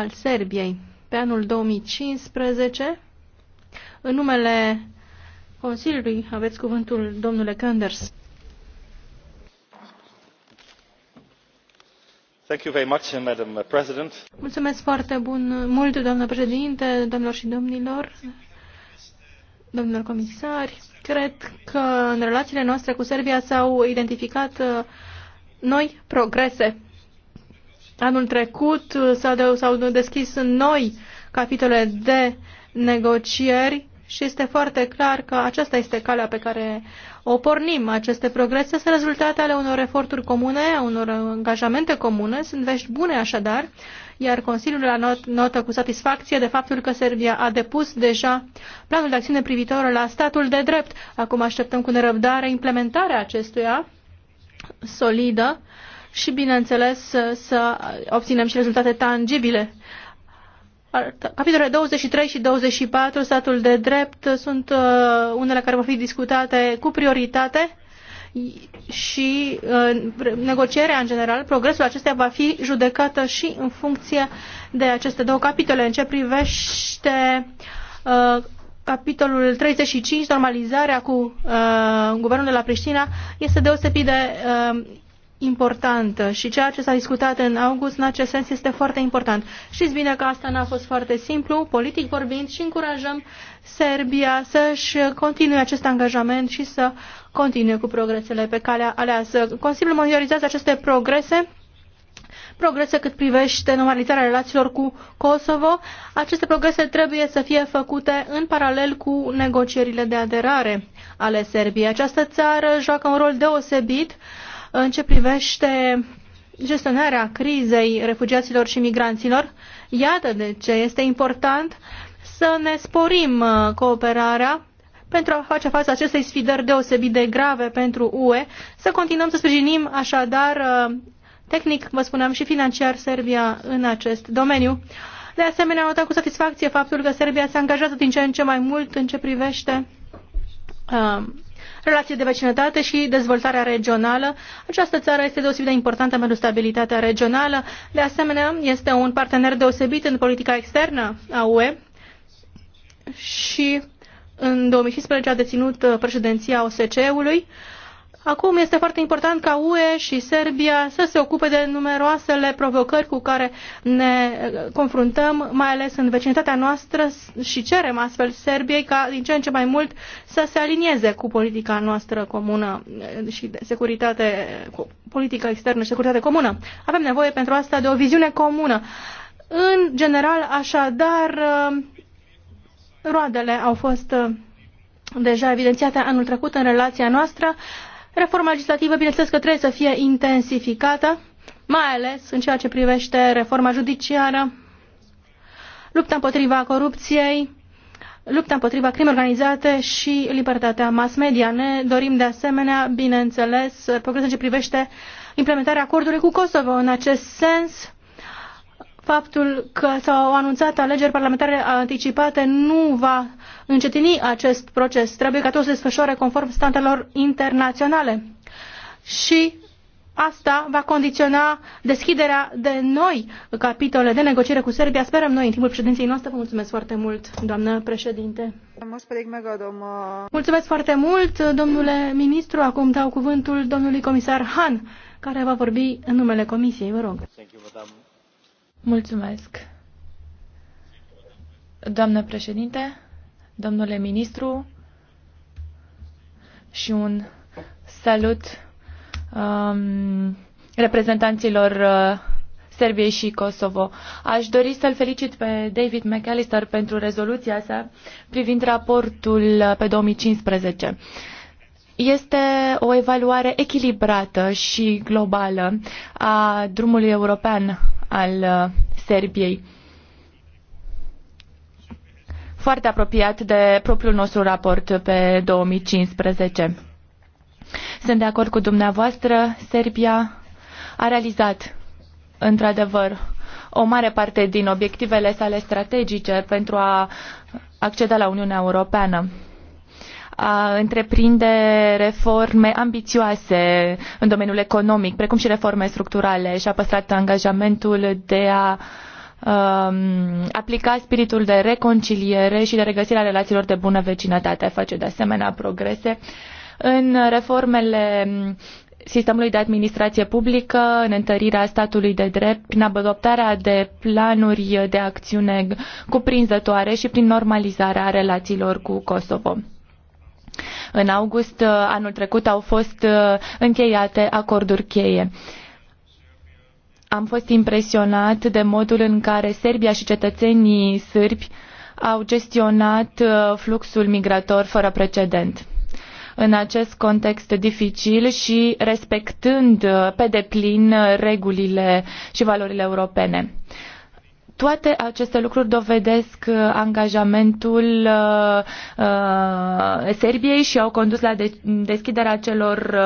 al Serbiei. Pe anul 2015, în numele Consiliului, aveți cuvântul, domnule President. Mulțumesc foarte bun, mult, doamnă președinte, domnilor și domnilor, domnilor comisari. Cred că în relațiile noastre cu Serbia s-au identificat uh, noi progrese Anul trecut s-au deschis noi capitole de negocieri și este foarte clar că aceasta este calea pe care o pornim. Aceste progrese sunt rezultate ale unor eforturi comune, a unor angajamente comune, sunt vești bune așadar, iar Consiliul a not notă cu satisfacție de faptul că Serbia a depus deja planul de acțiune privitor la statul de drept. Acum așteptăm cu nerăbdare implementarea acestuia solidă și, bineînțeles, să, să obținem și rezultate tangibile. Capitolele 23 și 24, statul de drept, sunt uh, unele care vor fi discutate cu prioritate și negocierea în general, progresul acestea va fi judecată și în funcție de aceste două capitole. În ce privește uh, capitolul 35, normalizarea cu uh, guvernul de la Priștina, este deosebit de uh, importantă și ceea ce s-a discutat în august în acest sens este foarte important. Știți bine că asta n-a fost foarte simplu, politic vorbind, și încurajăm Serbia să-și continue acest angajament și să continue cu progresele pe calea aleasă. Consiliul monitorizează aceste progrese progrese cât privește normalizarea relațiilor cu Kosovo. Aceste progrese trebuie să fie făcute în paralel cu negocierile de aderare ale Serbiei. Această țară joacă un rol deosebit uh, în ce privește gestionarea crizei refugiaților și migranților. Iată de ce este important să ne sporim uh, cooperarea pentru a face față acestei sfidări deosebit de grave pentru UE, să continuăm să sprijinim așadar uh, tehnic, vă spuneam, și financiar Serbia în acest domeniu. De asemenea, notăm cu satisfacție faptul că Serbia se angajează din ce în ce mai mult în ce privește uh, relații de vecinătate și dezvoltarea regională. Această țară este deosebit de importantă pentru stabilitatea regională. De asemenea, este un partener deosebit în politica externă a UE și în 2015 a deținut președinția OSCE-ului. Acum este foarte important ca UE și Serbia să se ocupe de numeroasele provocări cu care ne confruntăm, mai ales în vecinătatea noastră și cerem astfel Serbiei ca din ce în ce mai mult să se alinieze cu politica noastră comună și de securitate, cu politica externă și securitate comună. Avem nevoie pentru asta de o viziune comună. În general, așadar, roadele au fost uh, deja evidențiate anul trecut în relația noastră. Reforma legislativă, bineînțeles că trebuie să fie intensificată, mai ales în ceea ce privește reforma judiciară, lupta împotriva corupției, lupta împotriva crimei organizate și libertatea mass media. Ne dorim de asemenea, bineînțeles, progres în ce privește implementarea acordului cu Kosovo. În acest sens, faptul că s-au anunțat alegeri parlamentare anticipate nu va încetini acest proces. Trebuie ca tot să se desfășoare conform standardelor internaționale. Și asta va condiționa deschiderea de noi capitole de negociere cu Serbia. Sperăm noi în timpul președinției noastre. Vă mulțumesc foarte mult, doamnă președinte. Mulțumesc foarte mult, domnule ministru. Acum dau cuvântul domnului comisar Han, care va vorbi în numele comisiei. Vă rog. Mulțumesc. Doamnă președinte, domnule ministru și un salut um, reprezentanților uh, Serbiei și Kosovo. Aș dori să-l felicit pe David McAllister pentru rezoluția sa privind raportul uh, pe 2015 este o evaluare echilibrată și globală a drumului european al uh, Serbiei. Foarte apropiat de propriul nostru raport pe 2015. Sunt de acord cu dumneavoastră, Serbia a realizat într-adevăr o mare parte din obiectivele sale strategice pentru a acceda la Uniunea Europeană a întreprinde reforme ambițioase în domeniul economic, precum și reforme structurale și a păstrat angajamentul de a um, aplica spiritul de reconciliere și de regăsirea relațiilor de bună vecinătate. Face de asemenea progrese în reformele sistemului de administrație publică, în întărirea statului de drept, prin adoptarea de planuri de acțiune cuprinzătoare și prin normalizarea relațiilor cu Kosovo. În august uh, anul trecut au fost uh, încheiate acorduri cheie. Am fost impresionat de modul în care Serbia și cetățenii sârbi au gestionat uh, fluxul migrator fără precedent în acest context dificil și respectând pe deplin regulile și valorile europene. Toate aceste lucruri dovedesc uh, angajamentul uh, uh, Serbiei și au condus la deschiderea celor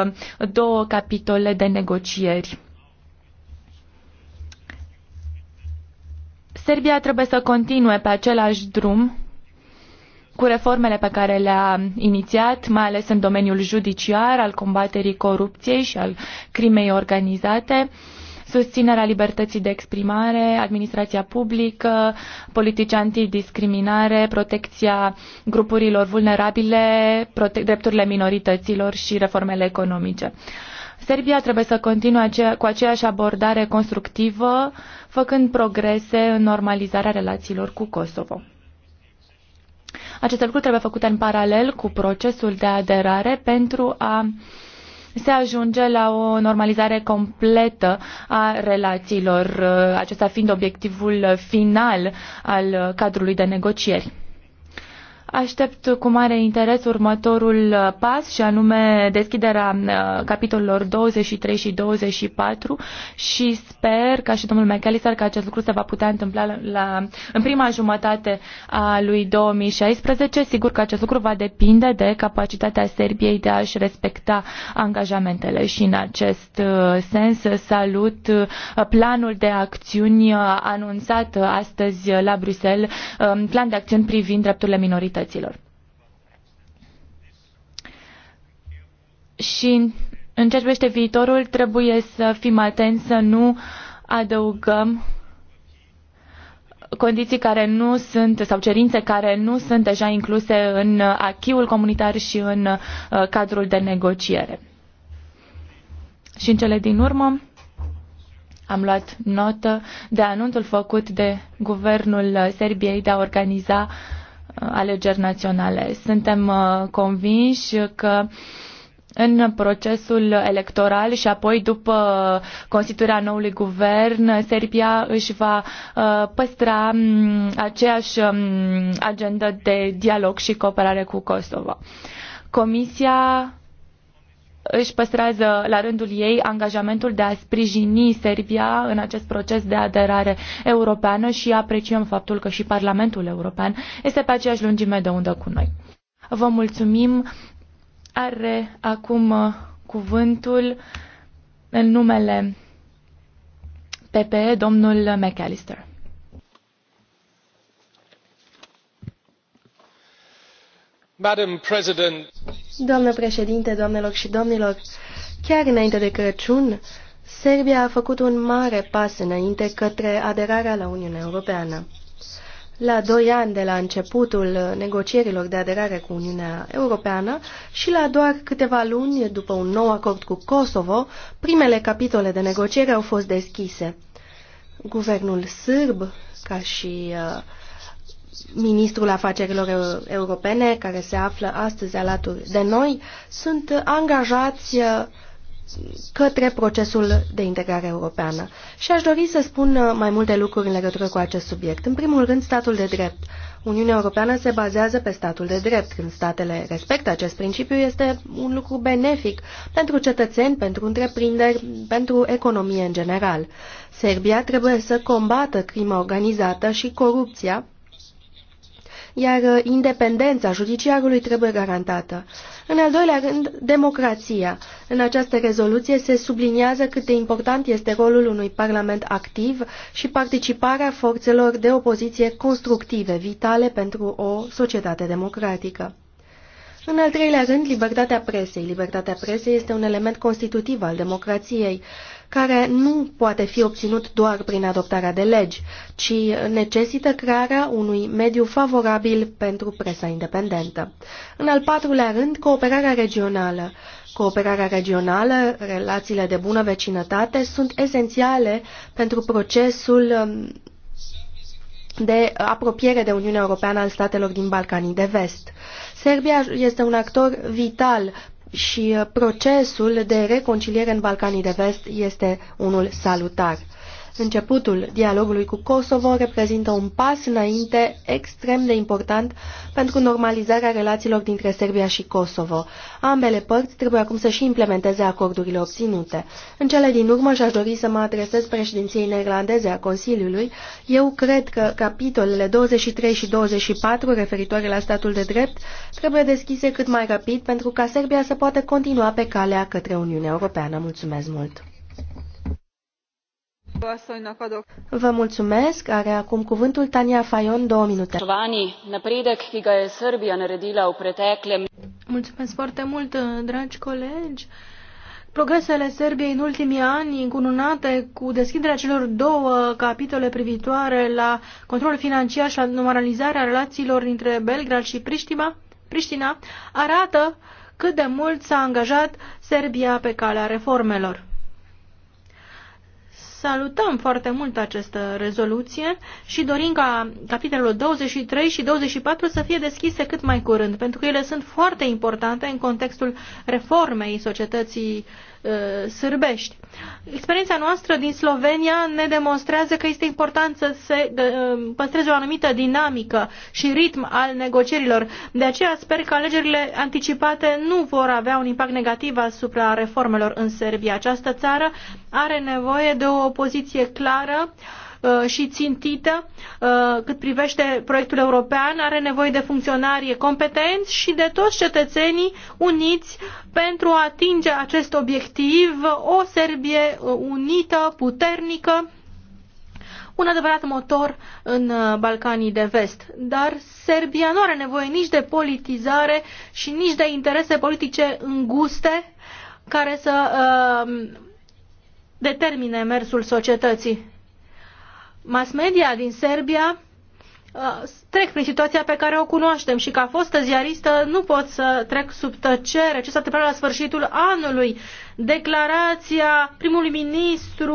două capitole de negocieri. Serbia trebuie să continue pe același drum cu reformele pe care le-a inițiat, mai ales în domeniul judiciar, al combaterii corupției și al crimei organizate. Uh, susținerea libertății de exprimare, administrația publică, politici antidiscriminare, protecția grupurilor vulnerabile, prote- drepturile minorităților și reformele economice. Serbia trebuie să continue cu aceeași abordare constructivă, făcând progrese în normalizarea relațiilor cu Kosovo. Aceste lucruri trebuie făcute în paralel cu procesul de aderare pentru a uh, se ajunge la o normalizare completă a relațiilor, uh, acesta fiind obiectivul final al cadrului de negocieri. Aștept cu mare interes următorul uh, pas și anume deschiderea uh, capitolelor 23 și 24 și sper ca și domnul McAllister că acest lucru se va putea întâmpla la, la, în prima jumătate a lui 2016. Sigur că acest lucru va depinde de capacitatea Serbiei de a-și respecta angajamentele și în acest uh, sens salut planul de acțiuni anunțat astăzi la Bruxelles, um, plan de acțiuni privind drepturile minorităților autorităților. Și în ce privește viitorul, trebuie să fim atenți să nu adăugăm condiții care nu sunt sau cerințe care nu sunt deja incluse în achiul comunitar și în uh, cadrul de negociere. Și în cele din urmă am luat notă de anunțul făcut de guvernul Serbiei de a organiza uh, alegeri naționale. Suntem uh, convinși că în procesul electoral și apoi după constituirea noului guvern, Serbia își va uh, păstra mm, aceeași mm, agendă de dialog și cooperare cu Kosovo. Comisia își păstrează la rândul ei angajamentul de a sprijini Serbia în acest proces de aderare europeană și apreciem faptul că și Parlamentul European este pe aceeași lungime de undă cu noi. Vă mulțumim. Are acum cuvântul în numele PPE domnul McAllister. Doamnă președinte, doamnelor și domnilor, chiar înainte de Crăciun, Serbia a făcut un mare pas înainte către aderarea la Uniunea Europeană. La doi ani de la începutul negocierilor de aderare cu Uniunea Europeană și la doar câteva luni după un nou acord cu Kosovo, primele capitole de negociere au fost deschise. Guvernul sârb, ca și uh, ministrul afacerilor europene, care se află astăzi alături de noi, sunt angajați uh, către procesul de integrare europeană. Și aș dori să spun uh, mai multe lucruri în legătură cu acest subiect. În primul rând, statul de drept. Uniunea Europeană se bazează pe statul de drept. Când statele respectă acest principiu, este un lucru benefic pentru cetățeni, pentru întreprinderi, pentru economie în general. Serbia trebuie să combată crima organizată și corupția iar uh, independența judiciarului trebuie garantată. În al doilea rând, democrația. În această rezoluție se subliniază cât de important este rolul unui parlament activ și participarea forțelor de opoziție constructive, vitale pentru o societate democratică. În al treilea rând, libertatea presei. Libertatea presei este un element constitutiv al democrației care nu poate fi obținut doar prin adoptarea de legi, ci necesită crearea unui mediu favorabil pentru presa independentă. În al patrulea rând, cooperarea regională. Cooperarea regională, relațiile de bună vecinătate sunt esențiale pentru procesul um, de apropiere de Uniunea Europeană al statelor din Balcanii de Vest. Serbia este un actor vital și uh, procesul de reconciliere în Balcanii de Vest este unul salutar. Începutul dialogului cu Kosovo reprezintă un pas înainte extrem de important pentru normalizarea relațiilor dintre Serbia și Kosovo. Ambele părți trebuie acum să și implementeze acordurile obținute. În cele din urmă și-aș dori să mă adresez președinției neerlandeze a Consiliului. Eu cred că capitolele 23 și 24 referitoare la statul de drept trebuie deschise cât mai rapid pentru ca Serbia să poată continua pe calea către Uniunea Europeană. Mulțumesc mult! Vă mulțumesc. Are acum cuvântul Tania Fajon, două minute. Mulțumesc foarte mult, dragi colegi. Progresele Serbiei în ultimii ani, încununate cu deschiderea celor două capitole privitoare la controlul financiar și la normalizarea relațiilor dintre Belgrad și Priștima, Priștina, arată cât de mult s-a angajat Serbia pe calea reformelor. Salutăm foarte mult această rezoluție și dorim ca capitolul 23 și 24 să fie deschise cât mai curând, pentru că ele sunt foarte importante în contextul reformei societății uh, Uh, sârbești. Experiența noastră din Slovenia ne demonstrează că este important să se uh, păstreze o anumită dinamică și ritm al negocierilor. De aceea sper că alegerile anticipate nu vor avea un impact negativ asupra reformelor în Serbia. Această țară are nevoie de o opoziție clară uh, Uh, și țintită uh, cât privește proiectul european, are nevoie de funcționari competenți și de toți cetățenii uniți pentru a atinge acest obiectiv, o Serbie uh, unită, puternică, un adevărat motor în Balcanii de vest. Dar Serbia nu are nevoie nici de politizare și nici de interese politice înguste care să uh, determine mersul societății mass media din Serbia uh, trec prin situația pe care o cunoaștem și ca fostă ziaristă nu pot să trec sub tăcere ce s-a întâmplat la sfârșitul anului. Declarația primului ministru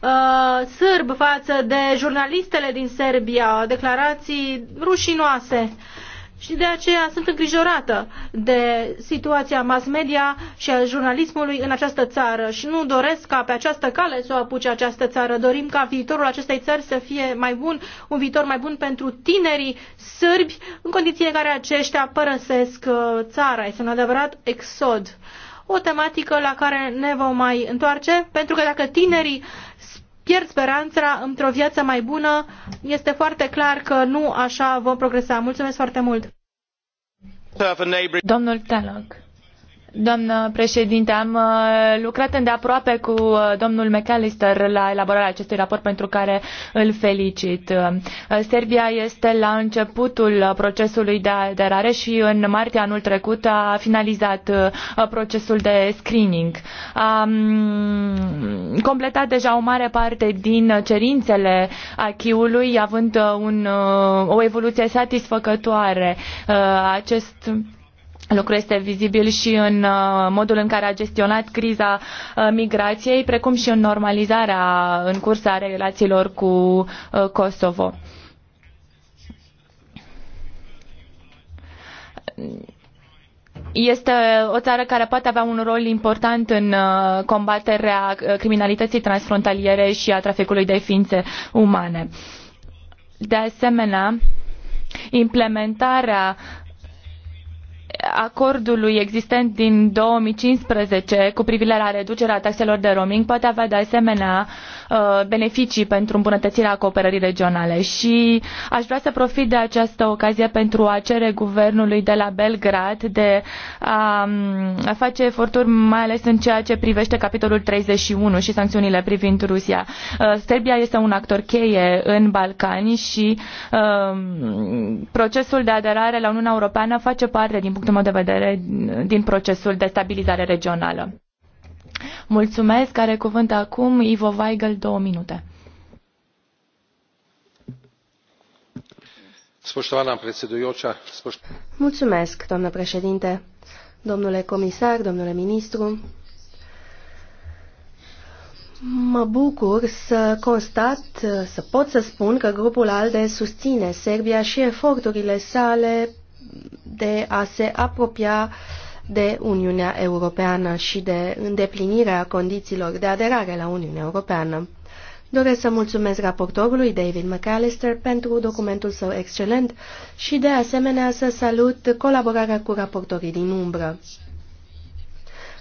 uh, sârb față de jurnalistele din Serbia, declarații rușinoase. Uh, și de aceea sunt îngrijorată de situația mass media și a jurnalismului în această țară și nu doresc ca pe această cale să o apuce această țară. Dorim ca viitorul acestei țări să fie mai bun, un viitor mai bun pentru tinerii sârbi, în condiții în care aceștia părăsesc uh, țara. Este un adevărat exod. O tematică la care ne vom mai întoarce, pentru că dacă tinerii pierd speranța într-o viață mai bună, este foarte clar că nu așa vom progresa. Mulțumesc foarte mult! Domnul Tenoc. Doamnă președinte, am uh, lucrat îndeaproape cu uh, domnul McAllister la elaborarea acestui raport pentru care îl felicit. Uh, Serbia este la începutul procesului de aderare și în martie anul trecut a finalizat procesul de screening. A mm, completat deja o mare parte din cerințele achiului, având un, o evoluție satisfăcătoare. Acest Lucru este vizibil și în uh, modul în care a gestionat criza uh, migrației, precum și în normalizarea în curs a relațiilor cu uh, Kosovo. Este o țară care poate avea un rol important în combaterea criminalității transfrontaliere și a traficului de ființe umane. De asemenea, implementarea acordului existent din 2015 cu privire la reducerea taxelor de roaming poate avea de asemenea uh, beneficii pentru îmbunătățirea cooperării regionale și aș vrea să profit de această ocazie pentru a cere guvernului de la Belgrad de a um, face eforturi mai ales în ceea ce privește capitolul 31 și sancțiunile privind Rusia. Uh, Serbia este un actor cheie în Balcani și uh, procesul de aderare la Uniunea Europeană face parte din punctul punct de vedere din procesul de stabilizare regională. Mulțumesc. Care cuvânt acum? Ivo Weigel, două minute. Mulțumesc, doamnă președinte, domnule comisar, domnule ministru. Mă bucur să constat, să pot să spun că grupul ALDE susține Serbia și eforturile sale de a se apropia de Uniunea Europeană și de îndeplinirea condițiilor de aderare la Uniunea Europeană. Doresc să mulțumesc raportorului David McAllister pentru documentul său excelent și de asemenea să salut colaborarea cu raportorii din umbră.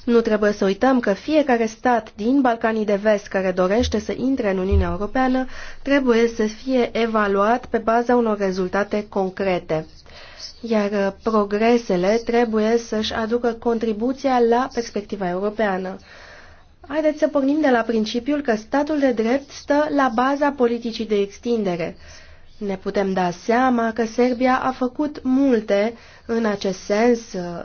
Nu trebuie să uităm că fiecare stat din Balcanii de Vest care dorește să intre în Uniunea Europeană trebuie să fie evaluat pe baza unor rezultate concrete iar uh, progresele trebuie să-și aducă contribuția la perspectiva europeană. Haideți să pornim de la principiul că statul de drept stă la baza politicii de extindere. Ne putem da seama că Serbia a făcut multe în acest sens, uh,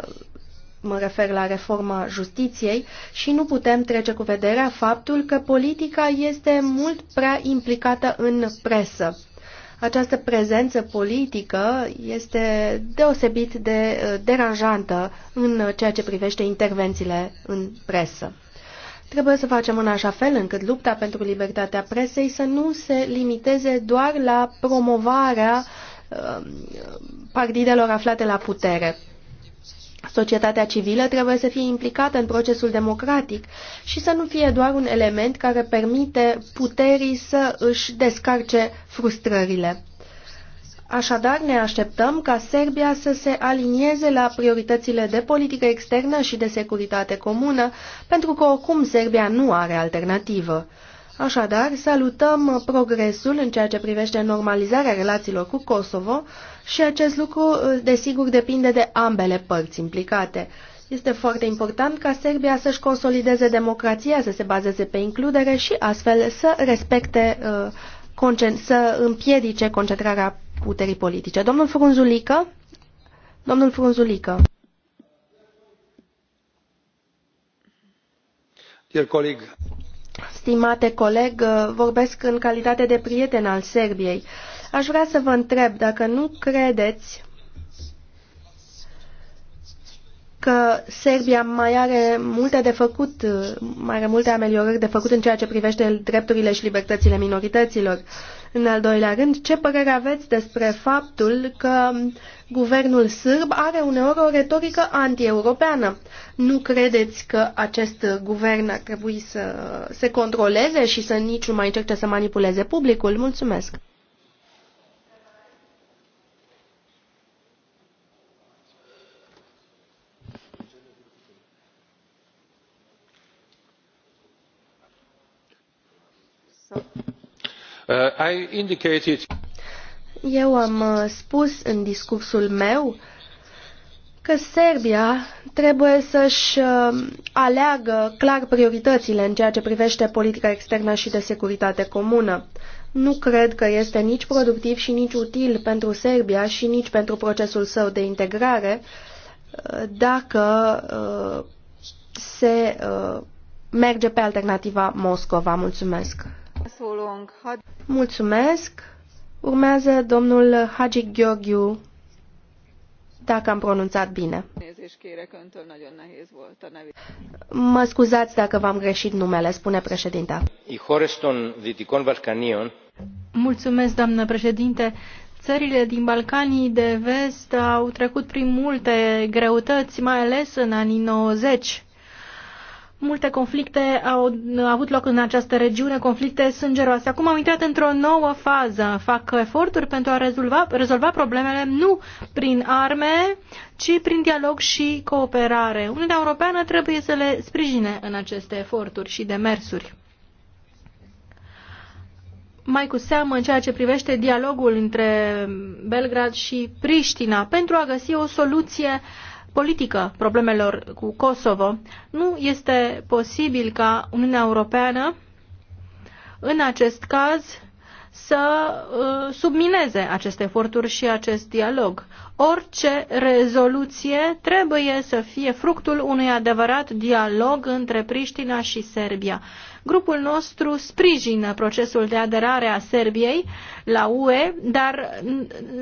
mă refer la reforma justiției, și nu putem trece cu vederea faptul că politica este mult prea implicată în presă. Această prezență politică este deosebit de uh, deranjantă în ceea ce privește intervențiile în presă. Trebuie să facem în așa fel încât lupta pentru libertatea presei să nu se limiteze doar la promovarea uh, partidelor aflate la putere. Societatea civilă trebuie să fie implicată în procesul democratic și să nu fie doar un element care permite puterii să își descarce frustrările. Așadar, ne așteptăm ca Serbia să se alinieze la prioritățile de politică externă și de securitate comună, pentru că oricum Serbia nu are alternativă. Așadar, salutăm progresul în ceea ce privește normalizarea relațiilor cu Kosovo, și acest lucru, desigur, depinde de ambele părți implicate. Este foarte important ca Serbia să-și consolideze democrația, să se bazeze pe includere și astfel să respecte, uh, să împiedice concentrarea puterii politice. Domnul Frunzulică? Domnul Frunzulică. Dear Stimate coleg, uh, vorbesc în calitate de prieten al Serbiei. Uh, Aș vrea să vă întreb dacă nu credeți că Serbia mai are multe de făcut, mai are multe ameliorări de făcut în ceea ce privește drepturile și libertățile minorităților. În al doilea rând, ce părere aveți despre faptul că guvernul sârb are uneori o retorică antieuropeană? Nu credeți că acest guvern ar trebui să se controleze și să nici nu mai încerce să manipuleze publicul? Mulțumesc! Uh, Eu am uh, spus în discursul meu că Serbia trebuie să-și uh, aleagă clar prioritățile în ceea ce privește politica externă și de securitate comună. Nu cred că este nici productiv și nici util pentru Serbia și nici pentru procesul său de integrare dacă se merge pe alternativa Moscova. Mulțumesc! Mulțumesc. Urmează domnul Hagi Gheorghiu, dacă am pronunțat bine. Mă scuzați dacă v-am greșit numele, spune președinta. Mulțumesc, doamnă președinte. Țările din Balcanii de vest au trecut prin multe greutăți, mai ales în anii 90 Multe conflicte au avut loc în această regiune, conflicte sângeroase. Acum am intrat într-o nouă fază. Fac eforturi pentru a rezolva, rezolva problemele nu prin arme, ci prin dialog și cooperare. Uniunea Europeană trebuie să le sprijine în aceste eforturi și demersuri. Mai cu seamă în ceea ce privește dialogul între Belgrad și Priștina pentru a găsi o soluție uh, politică problemelor cu Kosovo, nu este posibil ca Uniunea Europeană, în acest caz, să uh, submineze aceste eforturi și acest dialog. Orice rezoluție trebuie să fie fructul unui adevărat dialog între Priștina și Serbia. Grupul nostru sprijină procesul de aderare a Serbiei la UE, dar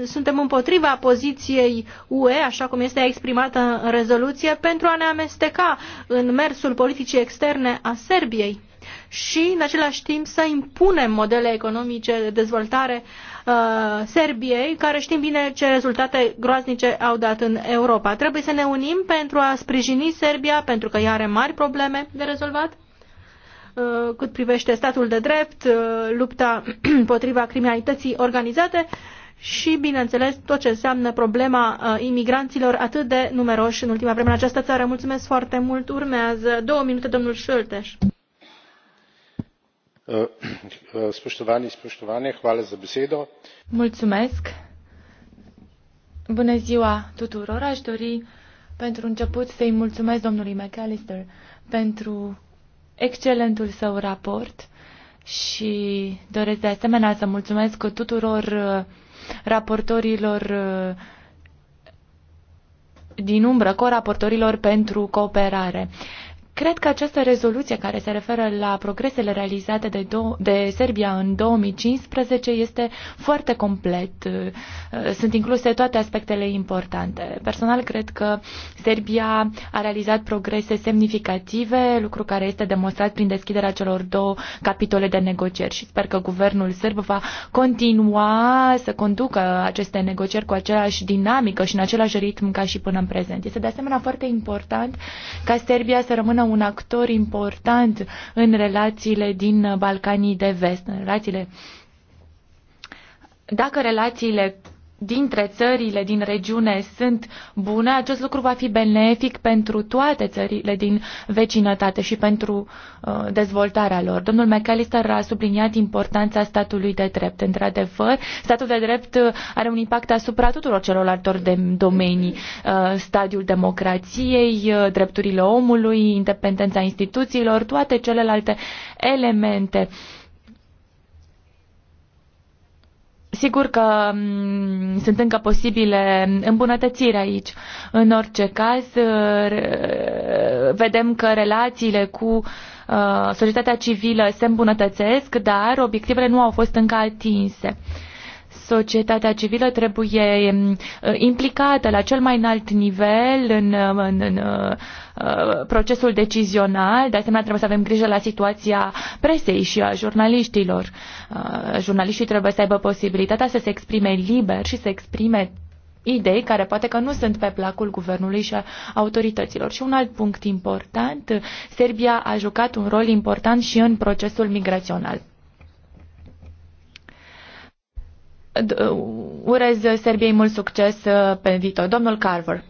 suntem împotriva poziției UE, așa cum este exprimată în rezoluție, pentru a ne amesteca în mersul politicii externe a Serbiei și, în același timp, să impunem modele economice de dezvoltare uh, Serbiei, care știm bine ce rezultate groaznice au dat în Europa. Trebuie să ne unim pentru a sprijini Serbia, pentru că ea are mari probleme de rezolvat Uh, cât privește statul de drept, uh, lupta împotriva criminalității organizate și, bineînțeles, tot ce înseamnă problema uh, imigranților atât de numeroși în ultima vreme în această țară. Mulțumesc foarte mult. Urmează două minute, domnul Șulteș. Mulțumesc. Bună ziua tuturor. Aș dori pentru început să-i mulțumesc domnului McAllister pentru excelentul său raport și doresc de asemenea să mulțumesc tuturor uh, raportorilor uh, din umbră, coraportorilor pentru cooperare. Cred că această rezoluție care se referă la progresele realizate de, de Serbia în 2015 este foarte complet. Uh, sunt incluse toate aspectele importante. Personal, cred că Serbia a realizat progrese semnificative, lucru care este demonstrat prin deschiderea celor două capitole de negocieri și sper că guvernul sârb va continua să conducă aceste negocieri cu aceeași dinamică și în același ritm ca și până în prezent. Este de asemenea foarte important ca Serbia să rămână devină un actor important în relațiile din Balcanii de Vest, în relațiile dacă relațiile dintre țările din regiune sunt bune, acest lucru va fi benefic pentru toate țările din vecinătate și pentru uh, dezvoltarea lor. Domnul McAllister a subliniat importanța statului de drept. Într-adevăr, statul de drept uh, are un impact asupra tuturor celorlaltor de domenii, uh, stadiul democrației, uh, drepturile omului, independența instituțiilor, toate celelalte elemente. Uh, Sigur că mm, sunt încă posibile îmbunătățiri aici. În orice caz, uh, vedem că relațiile cu uh, societatea civilă se îmbunătățesc, dar obiectivele nu au fost încă atinse. Societatea civilă trebuie mm, implicată la cel mai înalt nivel în, în, în Uh, procesul decizional. De asemenea, trebuie să avem grijă la situația presei și a jurnaliștilor. Uh, jurnaliștii trebuie să aibă posibilitatea să se exprime liber și să exprime idei care poate că nu sunt pe placul guvernului și a autorităților. Și un alt punct important, Serbia a jucat un rol important și în procesul migrațional. Urez Serbiei mult succes uh, pe viitor. Domnul Carver.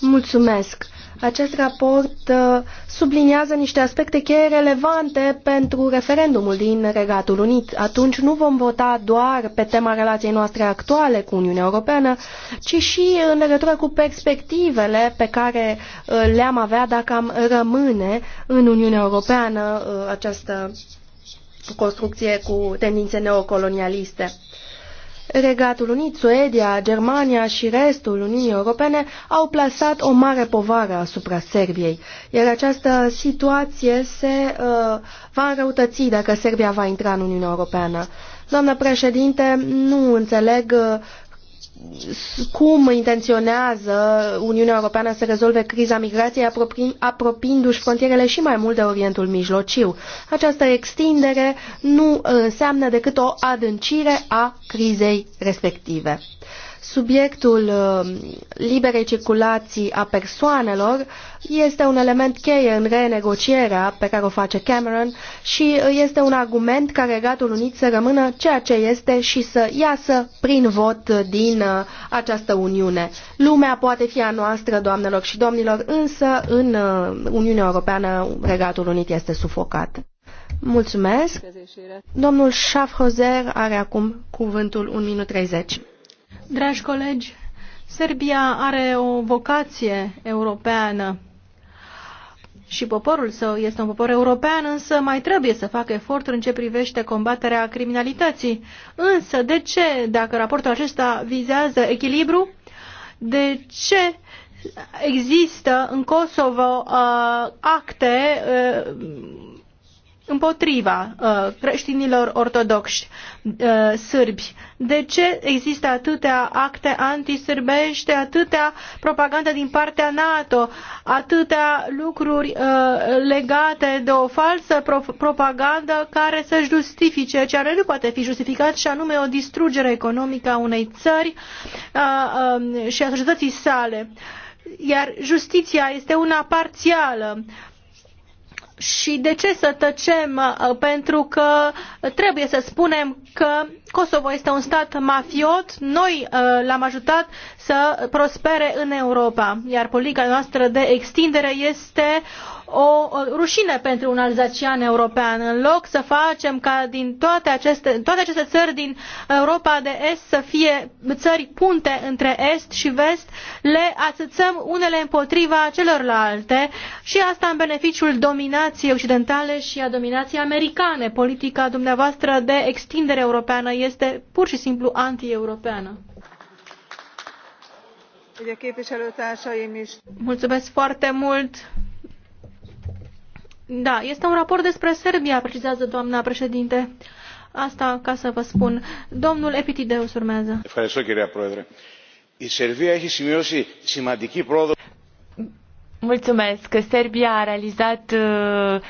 Mulțumesc. Acest raport uh, subliniază niște aspecte cheie relevante pentru referendumul din Regatul Unit. Atunci nu vom vota doar pe tema relației noastre actuale cu Uniunea Europeană, ci și în legătură cu perspectivele pe care uh, le-am avea dacă am rămâne în Uniunea Europeană uh, această construcție cu tendințe neocolonialiste. Regatul Unit, Suedia, Germania și restul Uniunii Europene au plasat o mare povară asupra Serbiei, iar această situație se uh, va înrăutăți dacă Serbia va intra în Uniunea Europeană. Doamnă președinte, nu înțeleg uh, cum intenționează Uniunea Europeană să rezolve criza migrației apropiindu-și frontierele și mai mult de Orientul Mijlociu. Această extindere nu înseamnă decât o adâncire a crizei respective. Subiectul uh, liberei circulații a persoanelor este un element cheie în renegocierea pe care o face Cameron și uh, este un argument ca Regatul Unit să rămână ceea ce este și să iasă prin vot din uh, această Uniune. Lumea poate fi a noastră, doamnelor și domnilor, însă în Uniunea Europeană Regatul Unit este sufocat. Mulțumesc. Domnul Schaffhauser are acum cuvântul 1 minut 30. Dragi colegi, Serbia are o vocație europeană și poporul său este un popor european, însă mai trebuie să facă eforturi în ce privește combaterea criminalității. Însă, de ce, dacă raportul acesta vizează echilibru, de ce există în Kosovo uh, acte uh, împotriva uh, creștinilor ortodoxi uh, sârbi de ce există atâtea acte antisârbește, atâtea propagandă din partea NATO, atâtea lucruri uh, legate de o falsă pro propagandă care să justifice ceea ce nu poate fi justificat și anume o distrugere economică a unei țări uh, uh, și a societății sale. Iar justiția este una parțială și de ce să tăcem? Uh, pentru că trebuie să spunem că Kosovo este un stat mafiot, noi uh, l-am ajutat să prospere în Europa, iar politica noastră de extindere este o rușine pentru un alzațian european. În loc să facem ca din toate aceste, toate aceste țări din Europa de Est să fie țări punte între Est și Vest, le ațățăm unele împotriva celorlalte și asta în beneficiul dominației occidentale și a dominației americane. Politica dumneavoastră de extindere europeană este pur și simplu anti-europeană. Mulțumesc foarte mult! Da, este un raport despre Serbia, precizează doamna președinte. Asta ca să vă spun. Domnul Epitideus urmează. Mulțumesc. Serbia a realizat uh,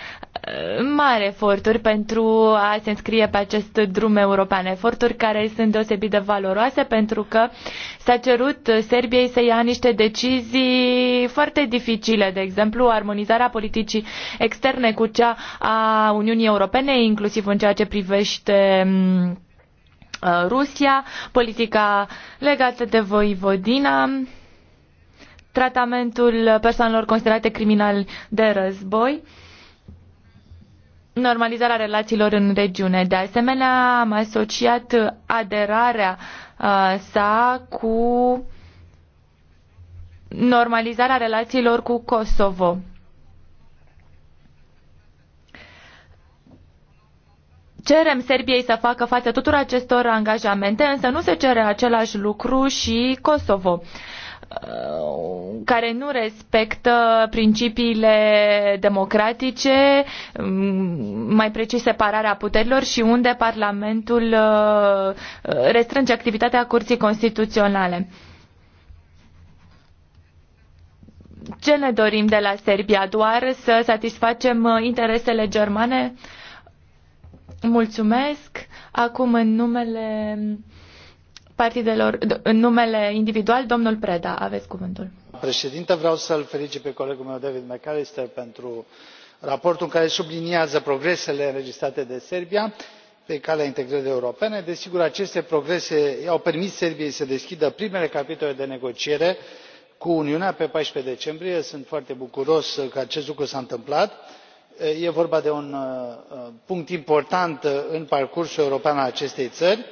mari eforturi pentru a se înscrie pe acest drum european. Eforturi care sunt deosebit de valoroase pentru că s-a cerut Serbiei să ia niște decizii foarte dificile, de exemplu armonizarea politicii externe cu cea a Uniunii Europene, inclusiv în ceea ce privește mm, uh, Rusia, politica legată de Voivodina, tratamentul persoanelor considerate criminali de război normalizarea relațiilor în regiune. De asemenea, am asociat aderarea uh, sa cu normalizarea relațiilor cu Kosovo. Cerem Serbiei să facă față tuturor acestor angajamente, însă nu se cere același lucru și Kosovo. Uh, Uh, care nu respectă principiile democratice, um, mai precis separarea puterilor și unde Parlamentul uh, restrânge activitatea Curții Constituționale. Ce ne dorim de la Serbia? Doar să satisfacem uh, interesele germane? Mulțumesc. Acum, în numele partidelor, în numele individual, domnul Preda, aveți cuvântul. președintă vreau să îl felicit pe colegul meu David McAllister pentru raportul care subliniază progresele înregistrate de serbia pe calea integrării europene. desigur aceste progrese i au permis serbiei să deschidă primele capitole de negociere cu uniunea pe paisprezece decembrie sunt foarte bucuros că acest lucru s a întâmplat. e vorba de un uh, punct important în parcursul european al acestei țări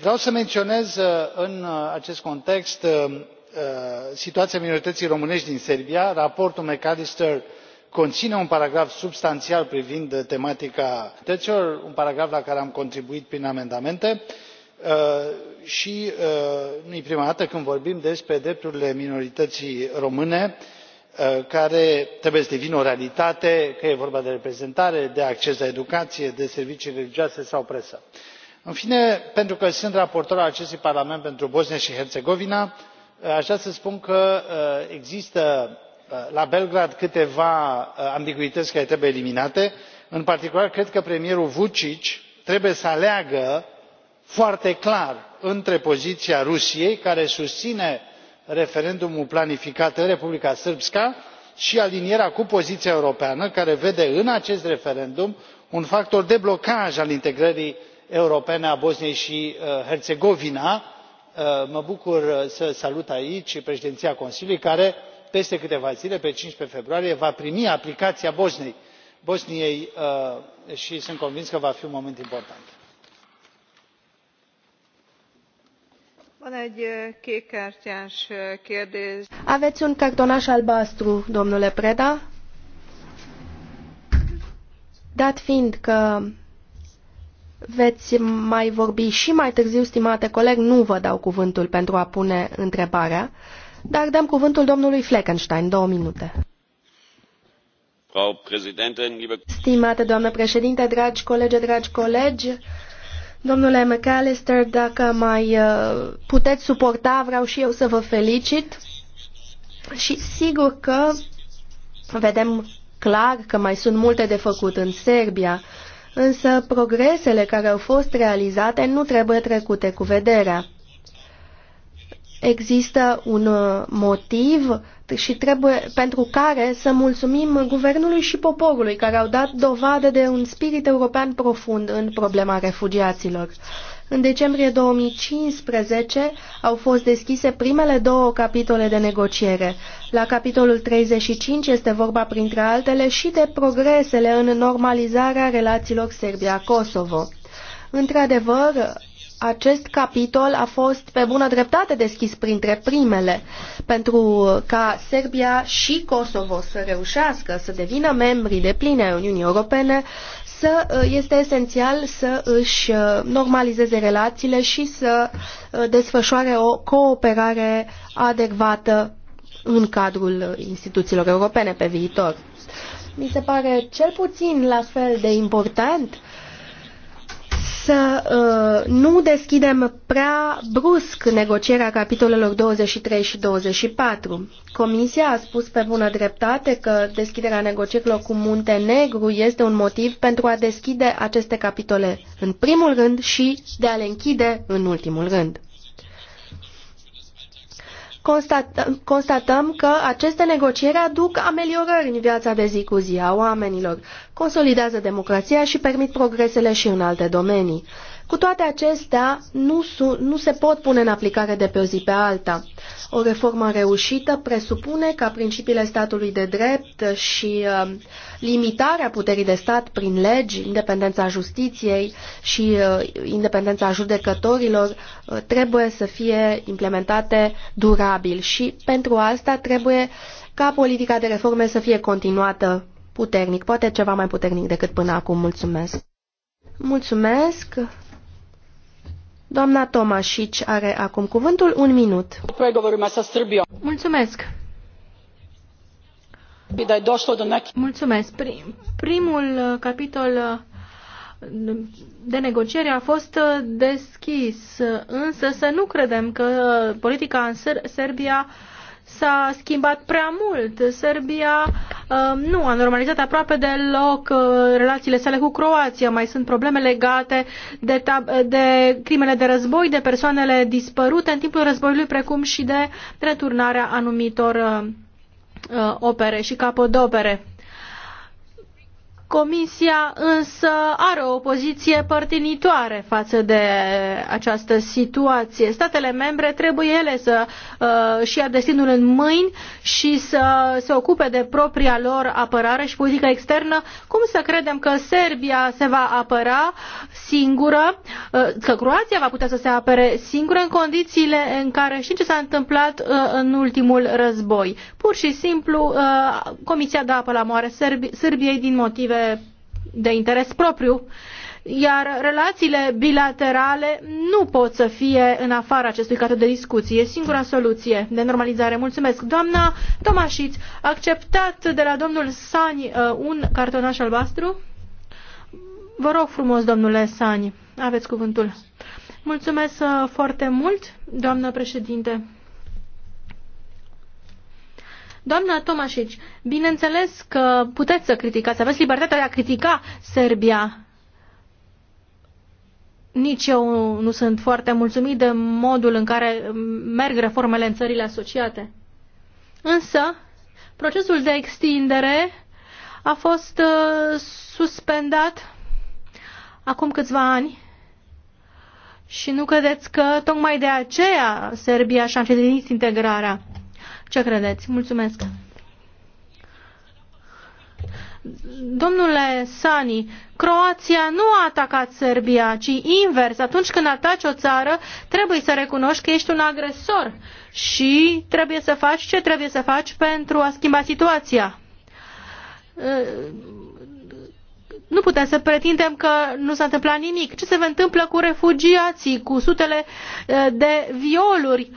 vreau să menționez uh, în uh, acest context uh, situația minorității românești din serbia raportul mcallister conține un paragraf substanțial privind tematica minorităților un paragraf la care am contribuit prin amendamente și nu e prima dată când vorbim despre drepturile minorității române care trebuie să devină o realitate că e vorba de reprezentare de acces la educație de servicii religioase sau presă în fine pentru că sunt raportor al acestui parlament pentru bosnia și herțegovina eh, aș vrea să spun că eh, există eh, la belgrad câteva ambiguități care trebuie eliminate în particular cred că premierul vucic trebuie să aleagă foarte clar între poziția rusiei care susține referendumul planificat în Republica srpska și alinierea cu poziția europeană care vede în acest referendum un factor de blocaj al integrării europene a bosniei și uh, herțegovina uh, mă bucur uh, să salut aici președinția consiliului care peste câteva zile pe cincisprezece februarie va primi aplicația bosniei și sunt convins că va fi un moment important. aveți un cartonaș albastru domnule preda dat fiind că Veți mai vorbi și mai târziu, stimate coleg, nu vă dau cuvântul pentru a pune întrebarea, dar dăm cuvântul domnului Fleckenstein, două minute. Stimate doamnă președinte, dragi colegi, dragi colegi, domnule McAllister, dacă mai uh, puteți suporta, vreau și eu să vă felicit. Și sigur că vedem clar că mai sunt multe de făcut în Serbia însă progresele care au fost realizate nu trebuie trecute cu vederea. Există un uh, motiv și trebuie pentru care să mulțumim guvernului și poporului care au dat dovadă de un spirit european profund în problema refugiaților. În decembrie 2015 au fost deschise primele două capitole de negociere. La capitolul 35 este vorba, printre altele, și de progresele în normalizarea relațiilor Serbia-Kosovo. Într-adevăr, acest capitol a fost pe bună dreptate deschis printre primele, pentru ca Serbia și Kosovo să reușească să devină membri de pline ai Uniunii Europene, să, uh, este esențial să își uh, normalizeze relațiile și să uh, desfășoare o cooperare adecvată în cadrul instituțiilor europene pe viitor. Mi se pare cel puțin la fel de important să uh, nu deschidem prea brusc negocierea capitolelor 23 și 24. Comisia a spus pe bună dreptate că deschiderea negocierilor cu Muntenegru este un motiv pentru a deschide aceste capitole în primul rând și de a le închide în ultimul rând constatăm, constatăm că aceste negocieri aduc ameliorări în viața de zi cu zi a oamenilor, consolidează democrația și permit progresele și în alte domenii. Cu toate acestea, nu, nu se pot pune în aplicare de pe o zi pe alta. O reformă reușită presupune ca principiile statului de drept și uh, limitarea puterii de stat prin legi, independența justiției și uh, independența judecătorilor uh, trebuie să fie implementate durabil și pentru asta trebuie ca politica de reforme să fie continuată puternic, poate ceva mai puternic decât până acum. Mulțumesc! Mulțumesc! Doamna Tomașici are acum cuvântul un minut. Mulțumesc. Mulțumesc. Primul capitol de negociere a fost deschis, însă să nu credem că politica în Ser Serbia s-a schimbat prea mult. Serbia um, nu a normalizat aproape deloc uh, relațiile sale cu Croația. Mai sunt probleme legate de, de crimele de război, de persoanele dispărute în timpul războiului, precum și de returnarea anumitor uh, uh, opere și capodopere. Comisia însă are o poziție părtinitoare față de această situație. Statele membre trebuie ele să uh, și ia destinul în mâini și să se ocupe de propria lor apărare și politică externă. Cum să credem că Serbia se va apăra singură, uh, că Croația va putea să se apere singură în condițiile în care știm ce s-a întâmplat uh, în ultimul război. Pur și simplu, uh, Comisia dă apă la moare Serbi Serbiei din motive de interes propriu, iar relațiile bilaterale nu pot să fie în afara acestui cadru de discuții. E singura soluție de normalizare. Mulțumesc. Doamna Tomașiț, acceptat de la domnul Sani uh, un cartonaș albastru? Vă rog frumos, domnule Sani, aveți cuvântul. Mulțumesc uh, foarte mult, doamnă președinte. Doamna Tomașici, bineînțeles că puteți să criticați, aveți libertatea de a critica Serbia. Nici eu nu sunt foarte mulțumit de modul în care merg reformele în țările asociate. Însă, procesul de extindere a fost uh, suspendat acum câțiva ani și nu credeți că tocmai de aceea Serbia și-a încetinit integrarea? Ce credeți? Mulțumesc! Domnule Sani, Croația nu a atacat Serbia, ci invers. Atunci când ataci o țară, trebuie să recunoști că ești un agresor și trebuie să faci ce trebuie să faci pentru a schimba situația. Nu putem să pretindem că nu s-a întâmplat nimic. Ce se întâmplă cu refugiații, cu sutele eh, de violuri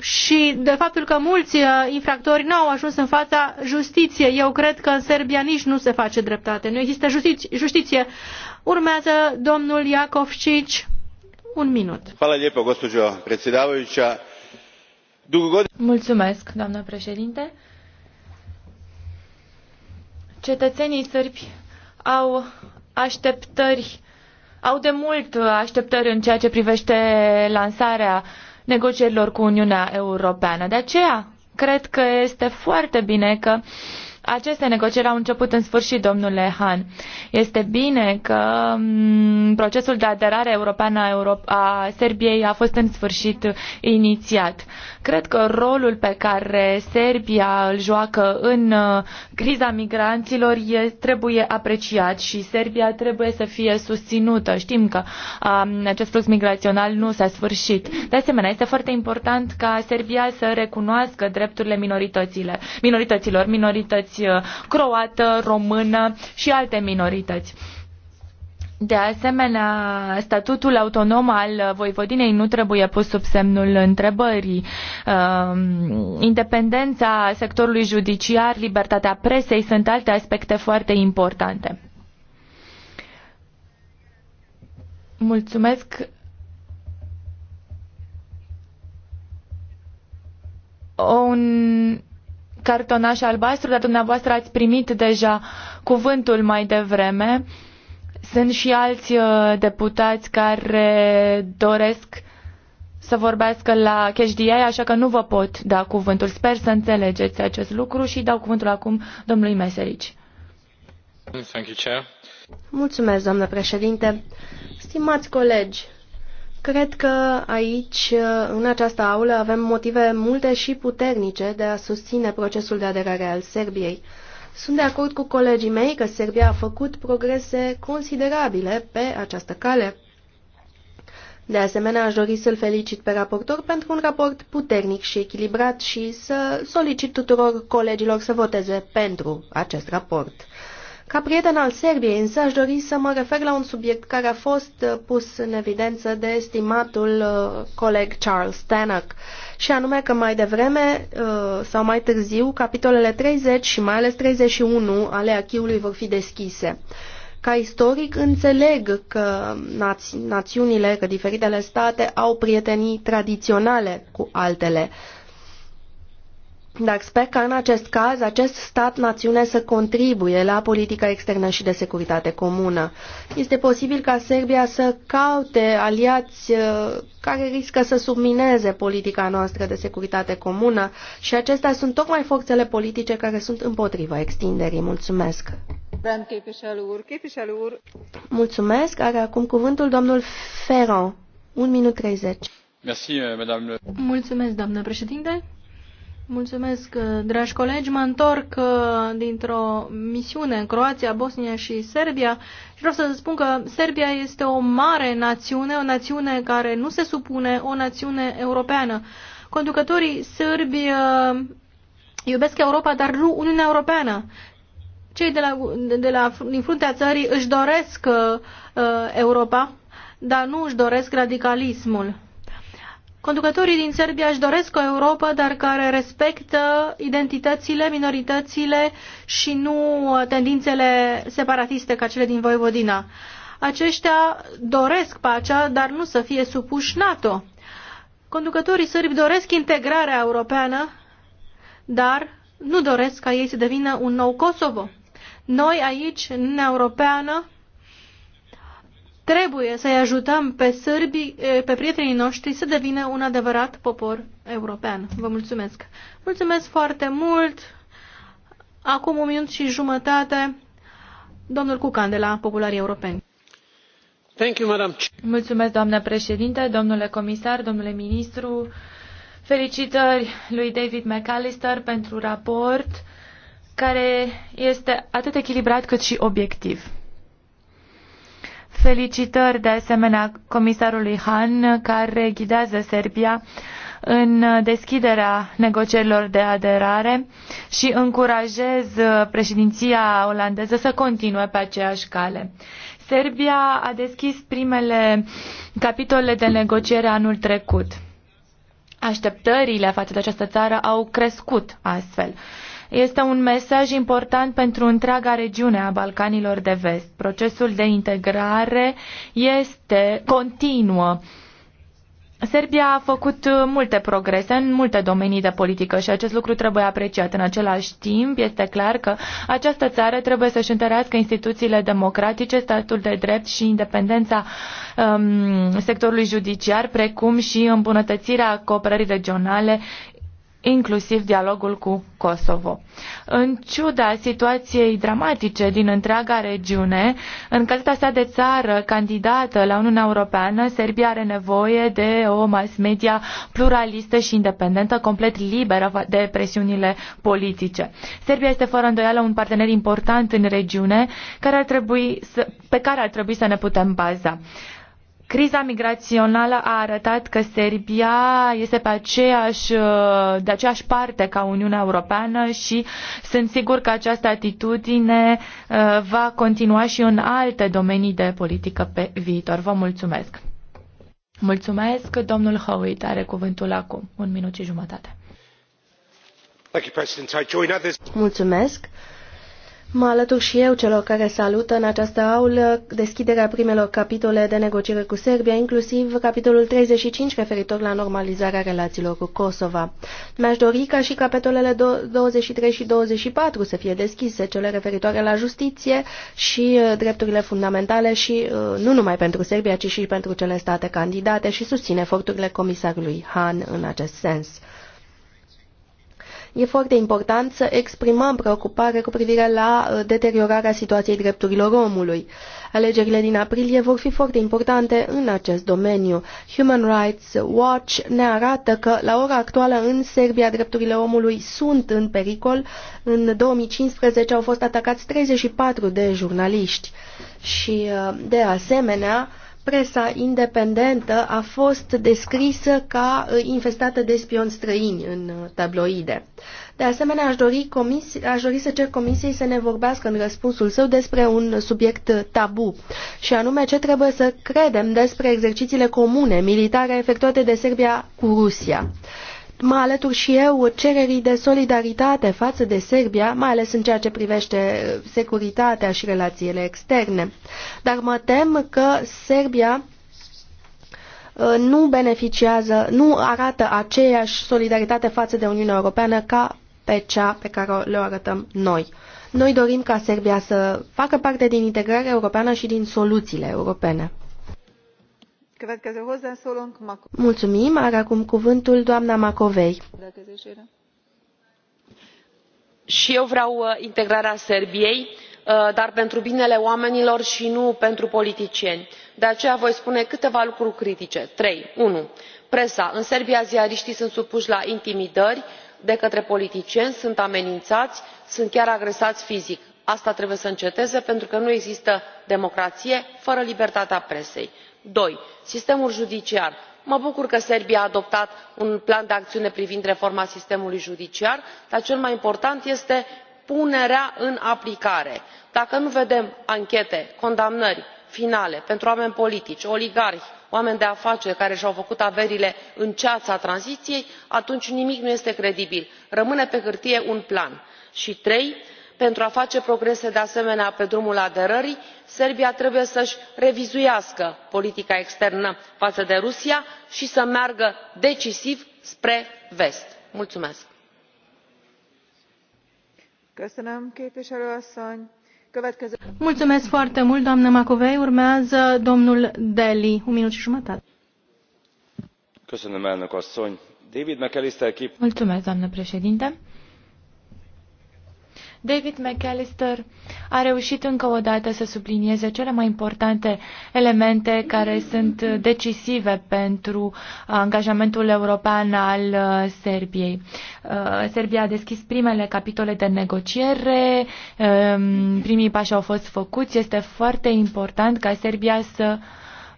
și de faptul că mulți uh, infractori nu au ajuns în fața justiției. Eu cred că în Serbia nici nu se face dreptate. Nu există justiție. justiție. Urmează domnul Iacovcic. Un minut. Mulțumesc, doamnă președinte. Cetățenii sârbi au așteptări, au de mult așteptări în ceea ce privește lansarea uh, negocierilor cu Uniunea Europeană. De aceea, cred că este foarte bine că uh, aceste negocieri au început în sfârșit, domnule Han. Este bine că mm, procesul de aderare europeană a, Euro- a Serbiei a fost în sfârșit inițiat. Cred că rolul pe care Serbia îl joacă în uh, criza migranților trebuie apreciat și Serbia trebuie să fie susținută. Știm că um, acest flux migrațional nu s-a sfârșit. De asemenea, este foarte important ca Serbia să recunoască drepturile minorităților, minorităților minorităților minorități uh, croată, română și alte minorități. De asemenea, statutul autonom al voivodinei nu trebuie pus sub semnul întrebării. Um, independența sectorului judiciar, libertatea presei sunt alte aspecte foarte importante. Mulțumesc. Un cartonaș albastru, dar dumneavoastră ați primit deja cuvântul mai devreme. Sunt și alți uh, deputați care doresc să vorbească la CashDI, așa că nu vă pot da cuvântul. Sper să înțelegeți acest lucru și dau cuvântul acum domnului Meserici. Mulțumesc, doamnă președinte. Stimați colegi, Cred că aici, în această aulă, avem motive multe și puternice de a susține procesul de aderare al Serbiei. Sunt de acord cu colegii mei că Serbia a făcut progrese considerabile pe această cale. De asemenea, aș dori să-l felicit pe raportor pentru un raport puternic și echilibrat și să solicit tuturor colegilor să voteze pentru acest raport. Ca prieten al Serbiei, însă, aș dori să mă refer la un subiect care a fost uh, pus în evidență de estimatul uh, coleg Charles Tannock și anume că mai devreme uh, sau mai târziu, capitolele 30 și mai ales 31 ale achiului vor fi deschise. Ca istoric, înțeleg că națiunile, că diferitele state au prietenii tradiționale cu altele, dar sper că în acest caz acest stat-națiune să contribuie la politica externă și de securitate comună. Este posibil ca Serbia să caute aliați uh, care riscă să submineze politica noastră de securitate comună și acestea sunt tocmai forțele politice care sunt împotriva extinderii. Mulțumesc! Mulțumesc! Are acum cuvântul domnul Ferran. 1 minut 30. Euh, Mulțumesc, doamnă președinte! Mulțumesc, uh, dragi colegi. Mă întorc uh, dintr-o misiune în Croația, Bosnia și Serbia și vreau să spun că Serbia este o mare națiune, o națiune care nu se supune, o națiune europeană. Conducătorii sârbi uh, iubesc Europa, dar nu Uniunea Europeană. Cei de la, de la, din fruntea țării își doresc uh, Europa, dar nu își doresc radicalismul Conducătorii din Serbia își doresc o Europa, dar care respectă identitățile, minoritățile și nu uh, tendințele separatiste ca cele din Voivodina. Aceștia doresc pacea, dar nu să fie supuși NATO. Conducătorii sârbi doresc integrarea europeană, dar nu doresc ca ei să devină un nou Kosovo. Noi aici, în Europeană, Trebuie să-i ajutăm pe sârbii, pe prietenii noștri să devină un adevărat popor european. Vă mulțumesc! Mulțumesc foarte mult! Acum un minut și jumătate, domnul Cucan de la Popularii Europeni. Thank you, madam. Mulțumesc, doamnă președinte, domnule comisar, domnule ministru. Felicitări lui David McAllister pentru raport care este atât echilibrat cât și obiectiv. Felicitări de asemenea comisarului Han care ghidează Serbia în deschiderea negocierilor de aderare și încurajez președinția olandeză să continue pe aceeași cale. Serbia a deschis primele capitole de negociere anul trecut. Așteptările față de această țară au crescut astfel este un mesaj important pentru întreaga regiune a Balcanilor de Vest. Procesul de integrare este continuă. Serbia a făcut multe progrese în multe domenii de politică și acest lucru trebuie apreciat. În același timp, este clar că această țară trebuie să-și întărească instituțiile democratice, statul de drept și independența um, sectorului judiciar, precum și îmbunătățirea cooperării regionale inclusiv dialogul cu Kosovo. În ciuda situației dramatice din întreaga regiune, în calitatea sa de țară candidată la Uniunea Europeană, Serbia are nevoie de o mass media pluralistă și independentă, complet liberă de presiunile politice. Serbia este fără îndoială un partener important în regiune care ar trebui să, pe care ar trebui să ne putem baza. Criza migrațională a arătat că Serbia este pe aceeași, uh, de aceeași parte ca Uniunea Europeană și sunt sigur că această atitudine uh, va continua și în alte domenii de politică pe viitor. Vă mulțumesc! Mulțumesc, domnul Howitt are cuvântul acum, un minut și jumătate. Mulțumesc! Mă alătur și eu celor care salută în această aulă deschiderea primelor capitole de negociere cu Serbia, inclusiv capitolul 35 referitor la normalizarea relațiilor cu Kosova. Mi-aș dori ca și capitolele 23 și 24 să fie deschise, cele referitoare la justiție și uh, drepturile fundamentale și uh, nu numai pentru Serbia, ci și pentru cele state candidate și susține eforturile comisarului Han în acest sens. E foarte important să exprimăm preocupare cu privire la uh, deteriorarea situației drepturilor omului. Alegerile din aprilie vor fi foarte importante în acest domeniu. Human Rights Watch ne arată că la ora actuală în Serbia drepturile omului sunt în pericol. În 2015 au fost atacați 34 de jurnaliști și uh, de asemenea presa independentă a fost descrisă ca ă, infestată de spioni străini în ă, tabloide. De asemenea, aș dori, comisi, aș dori să cer comisiei să ne vorbească în răspunsul său despre un subiect tabu, și anume ce trebuie să credem despre exercițiile comune militare efectuate de Serbia cu Rusia mă alătur și eu cererii de solidaritate față de Serbia, mai ales în ceea ce privește securitatea și relațiile externe. Dar mă tem că Serbia ă, nu beneficiază, nu arată aceeași solidaritate față de Uniunea Europeană ca pe cea pe care le arătăm noi. Noi dorim ca Serbia să facă parte din integrarea europeană și din soluțiile europene. Mulțumim. Are acum cuvântul doamna Macovei. Și eu vreau uh, integrarea Serbiei, uh, dar pentru binele oamenilor și nu pentru politicieni. De aceea voi spune câteva lucruri critice. Trei. Unu. Presa. În Serbia ziariștii sunt supuși la intimidări de către politicieni, sunt amenințați, sunt chiar agresați fizic. Asta trebuie să înceteze pentru că nu există democrație fără libertatea presei doi sistemul judiciar mă bucur că serbia a adoptat un plan de acțiune privind reforma sistemului judiciar dar cel mai important este punerea în aplicare dacă nu vedem anchete condamnări finale pentru oameni politici oligarhi oameni de afaceri care și au făcut averile în ceața tranziției atunci nimic nu este credibil rămâne pe hârtie un plan și trei pentru a face progrese de asemenea pe drumul aderării serbia trebuie să își revizuiască politica externă față de rusia și să meargă decisiv spre vest. mulțumesc. mulțumesc foarte mult macovei. urmează domnul un minut și jumătate. mulțumesc doamnă președintă David McAllister a reușit încă o dată să sublinieze cele mai importante elemente care sunt decisive pentru angajamentul european al uh, Serbiei. Uh, Serbia a deschis primele capitole de negociere, um, primii pași au fost făcuți. Este foarte important ca Serbia să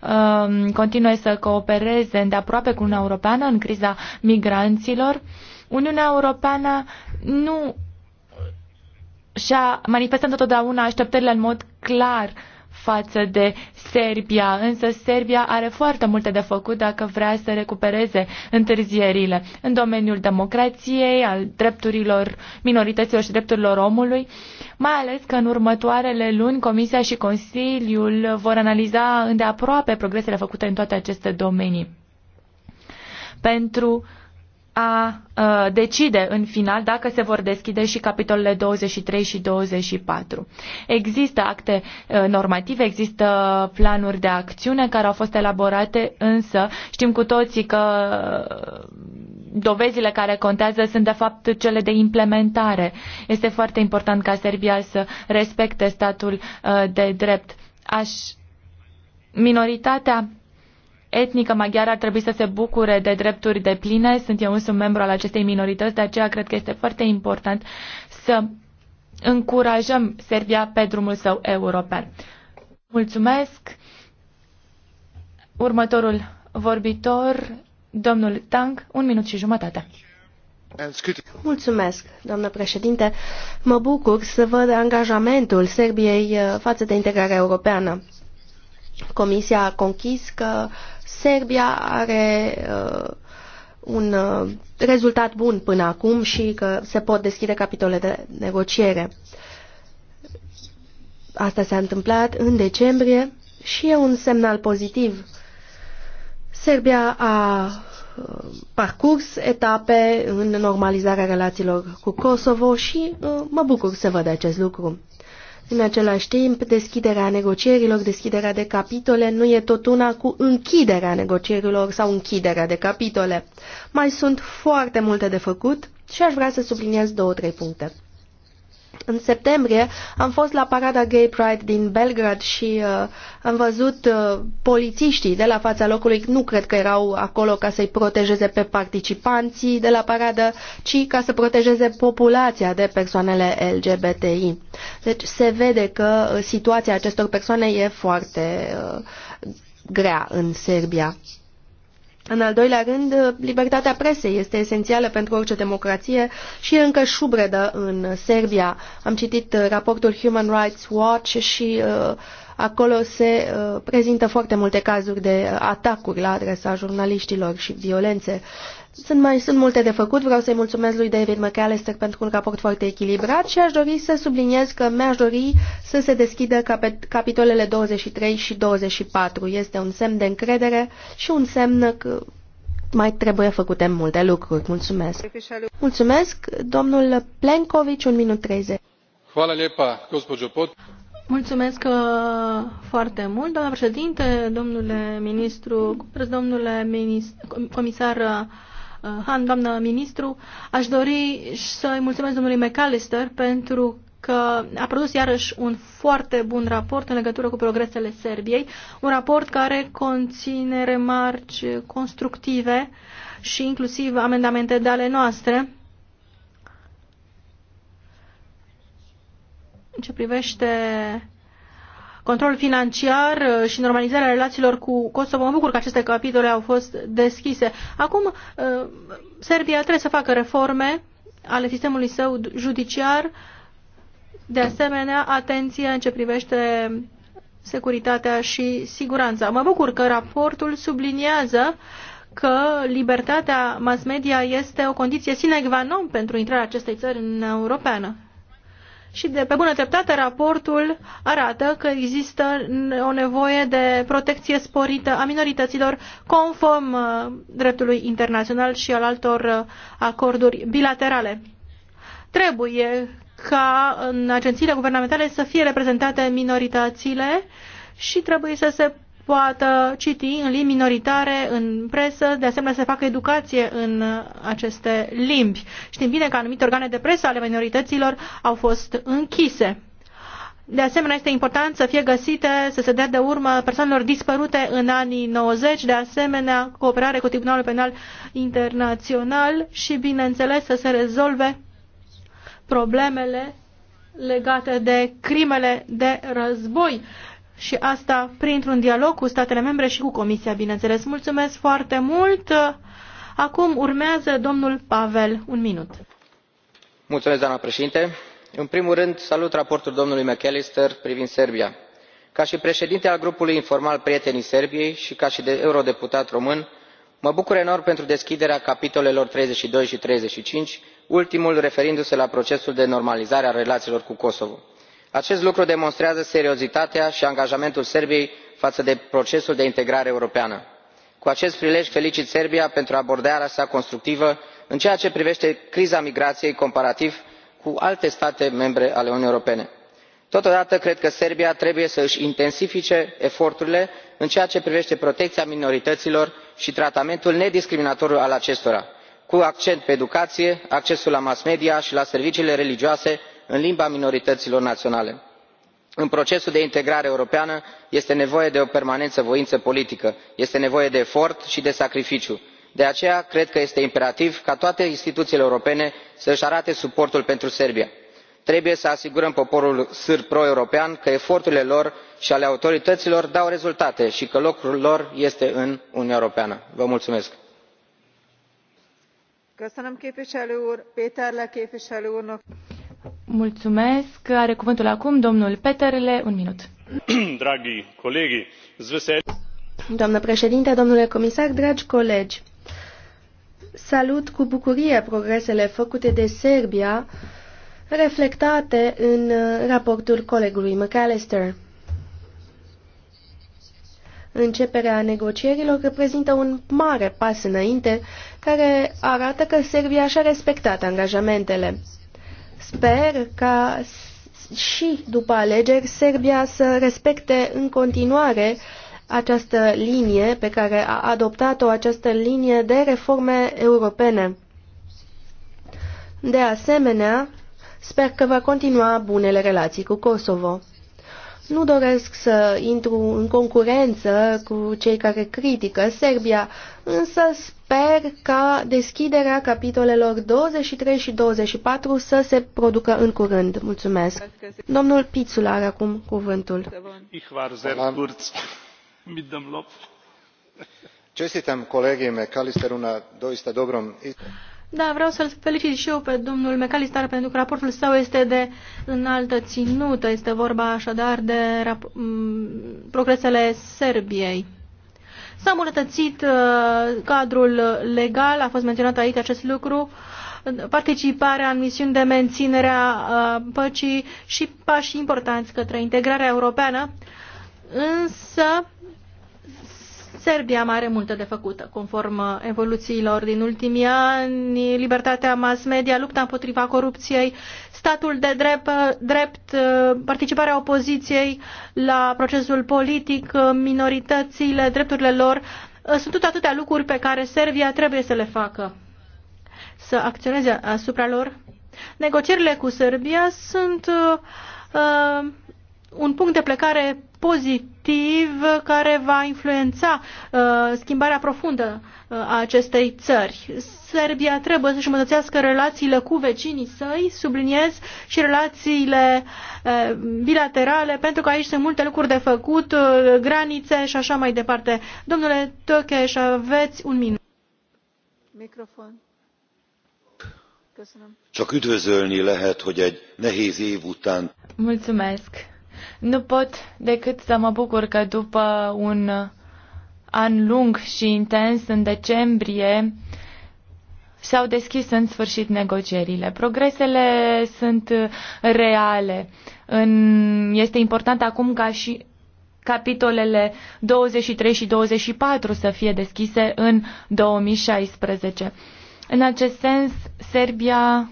um, continue să coopereze îndeaproape cu Uniunea Europeană în criza migranților. Uniunea Europeană nu și-a manifestat întotdeauna așteptările în mod clar față de Serbia, însă Serbia are foarte multe de făcut dacă vrea să recupereze întârzierile în domeniul democrației, al drepturilor minorităților și drepturilor omului, mai ales că în următoarele luni Comisia și Consiliul vor analiza îndeaproape progresele făcute în toate aceste domenii. Pentru a decide în final dacă se vor deschide și capitolele 23 și 24. Există acte normative, există planuri de acțiune care au fost elaborate, însă știm cu toții că dovezile care contează sunt de fapt cele de implementare. Este foarte important ca Serbia să respecte statul de drept. Aș... Minoritatea etnică maghiară ar trebui să se bucure de drepturi de pline. Sunt eu însumi membru al acestei minorități, de aceea cred că este foarte important să încurajăm Serbia pe drumul său european. Mulțumesc. Următorul vorbitor, domnul Tang, un minut și jumătate. Mulțumesc, doamnă președinte. Mă bucur să văd angajamentul Serbiei uh, față de integrarea europeană. Comisia a conchis că uh, Serbia are uh, un uh, rezultat bun până acum și că se pot deschide capitole de negociere. Asta s-a întâmplat în decembrie și e un semnal pozitiv. Serbia a uh, parcurs etape în normalizarea relațiilor cu Kosovo și uh, mă bucur să văd acest lucru. În același timp, deschiderea negocierilor, deschiderea de capitole nu e tot una cu închiderea negocierilor sau închiderea de capitole. Mai sunt foarte multe de făcut și aș vrea să subliniez două, trei puncte. În septembrie am fost la parada Gay Pride din Belgrad și uh, am văzut uh, polițiștii de la fața locului, nu cred că erau acolo ca să-i protejeze pe participanții de la paradă, ci ca să protejeze populația de persoanele LGBTI. Deci se vede că uh, situația acestor persoane e foarte uh, grea în Serbia. În al doilea rând, libertatea presei este esențială pentru orice democrație și e încă șubredă în Serbia. Am citit uh, raportul Human Rights Watch și uh, acolo se uh, prezintă foarte multe cazuri de uh, atacuri la adresa jurnaliștilor și violențe. Sunt, mai, sunt multe de făcut, vreau să-i mulțumesc lui David McAllister pentru un raport foarte echilibrat și aș dori să subliniez că mi-aș dori să se deschidă cap capitolele 23 și 24. Este un semn de încredere și un semn că mai trebuie făcute multe lucruri. Mulțumesc. Mulțumesc, domnul Plenkovici, un minut 30. Mulțumesc uh, foarte mult, doamna președinte, domnule ministru, domnule ministru, comisar uh, Eh, Han, doamnă ministru, aș dori să-i mulțumesc domnului McAllister pentru că a produs iarăși un foarte bun raport în legătură cu progresele Serbiei, un raport care conține remarci constructive și inclusiv amendamente de ale noastre. În ce privește control financiar uh, și normalizarea relațiilor cu Kosovo. Mă bucur că aceste capitole au fost deschise. Acum, uh, Serbia trebuie să facă reforme ale sistemului său judiciar, de asemenea, atenție în ce privește securitatea și siguranța. Mă bucur că raportul subliniază că libertatea mass media este o condiție sine qua non pentru intrarea acestei țări în Europeană. Și de pe bună dreptate, raportul arată că există o nevoie de protecție sporită a minorităților conform uh, dreptului internațional și al altor uh, acorduri bilaterale. Trebuie ca în agențiile guvernamentale să fie reprezentate minoritățile și trebuie să se poată citi în limbi minoritare, în presă, de asemenea să facă educație în aceste limbi. Știm bine că anumite organe de presă ale minorităților au fost închise. De asemenea, este important să fie găsite, să se dea de urmă persoanelor dispărute în anii 90, de asemenea, cooperare cu Tribunalul Penal Internațional și, bineînțeles, să se rezolve problemele legate de crimele de război și asta printr-un dialog cu statele membre și cu Comisia, bineînțeles. Mulțumesc foarte mult! Acum urmează domnul Pavel, un minut. Mulțumesc, doamna președinte. În primul rând, salut raportul domnului McAllister privind Serbia. Ca și președinte al grupului informal Prietenii Serbiei și ca și de eurodeputat român, mă bucur enorm pentru deschiderea capitolelor 32 și 35, ultimul referindu se la procesul de normalizare a relațiilor cu Kosovo acest lucru demonstrează seriozitatea și angajamentul serbiei față de procesul de integrare europeană. cu acest prilej felicit serbia pentru abordarea sa constructivă în ceea ce privește criza migrației comparativ cu alte state membre ale uniunii europene. totodată cred că serbia trebuie să își intensifice eforturile în ceea ce privește protecția minorităților și tratamentul nediscriminatoriu al acestora cu accent pe educație accesul la mass media și la serviciile religioase în limba minorităților naționale. în procesul de integrare europeană este nevoie de o permanentă voință politică este nevoie de efort și de sacrificiu. de aceea cred că este imperativ ca toate instituțiile europene să își arate suportul pentru serbia. trebuie să asigurăm poporul sârb pro european că eforturile lor și ale autorităților dau rezultate și că locul lor este în uniunea europeană. vă mulțumesc. Mulțumesc. Are cuvântul acum domnul Peterle. Un minut. Dragi colegi, zvesel... Doamnă președinte, domnule comisar, dragi colegi, salut cu bucurie progresele făcute de Serbia, reflectate în uh, raportul colegului McAllister. Începerea negocierilor reprezintă un mare pas înainte care arată că Serbia și-a respectat angajamentele. Sper ca și după alegeri Serbia să respecte în continuare această linie pe care a adoptat-o, această linie de reforme europene. De asemenea, sper că va continua bunele relații cu Kosovo. Nu doresc să intru în concurență cu cei care critică Serbia, însă sper ca deschiderea capitolelor 23 și 24 să se producă în curând. Mulțumesc. Domnul Pițul are acum cuvântul. colegii kolegi McAllisteru na doista dobrom da, vreau să-l felicit și eu pe domnul McAllister pentru că raportul său este de înaltă ținută. Este vorba așadar de progresele Serbiei S-a îmbunătățit uh, cadrul legal, a fost menționat aici acest lucru, participarea în misiuni de menținere a păcii și pași importanți către integrarea europeană, însă Serbia mai are multe de făcută conform evoluțiilor din ultimii ani, libertatea mass media, lupta împotriva corupției, statul de drept, drept participarea opoziției la procesul politic, minoritățile, drepturile lor. Sunt tot atâtea lucruri pe care Serbia trebuie să le facă, să acționeze asupra lor. Negocierile cu Serbia sunt uh, un punct de plecare pozitiv care va influența uh, schimbarea profundă uh, a acestei țări. Serbia trebuie să-și îmbunătățească relațiile cu vecinii săi, subliniez, și relațiile uh, bilaterale, pentru că aici sunt multe lucruri de făcut, uh, granițe și așa mai departe. Domnule Tocheș, aveți un minut. Microfon. Köszönöm. Csak üdvözölni lehet, hogy egy nehéz év után. Mulțumesc nu pot decât să mă bucur că după un an lung și intens, în decembrie, s-au deschis în sfârșit negocierile. Progresele sunt reale. În, este important acum ca și capitolele 23 și 24 să fie deschise în 2016. În acest sens, Serbia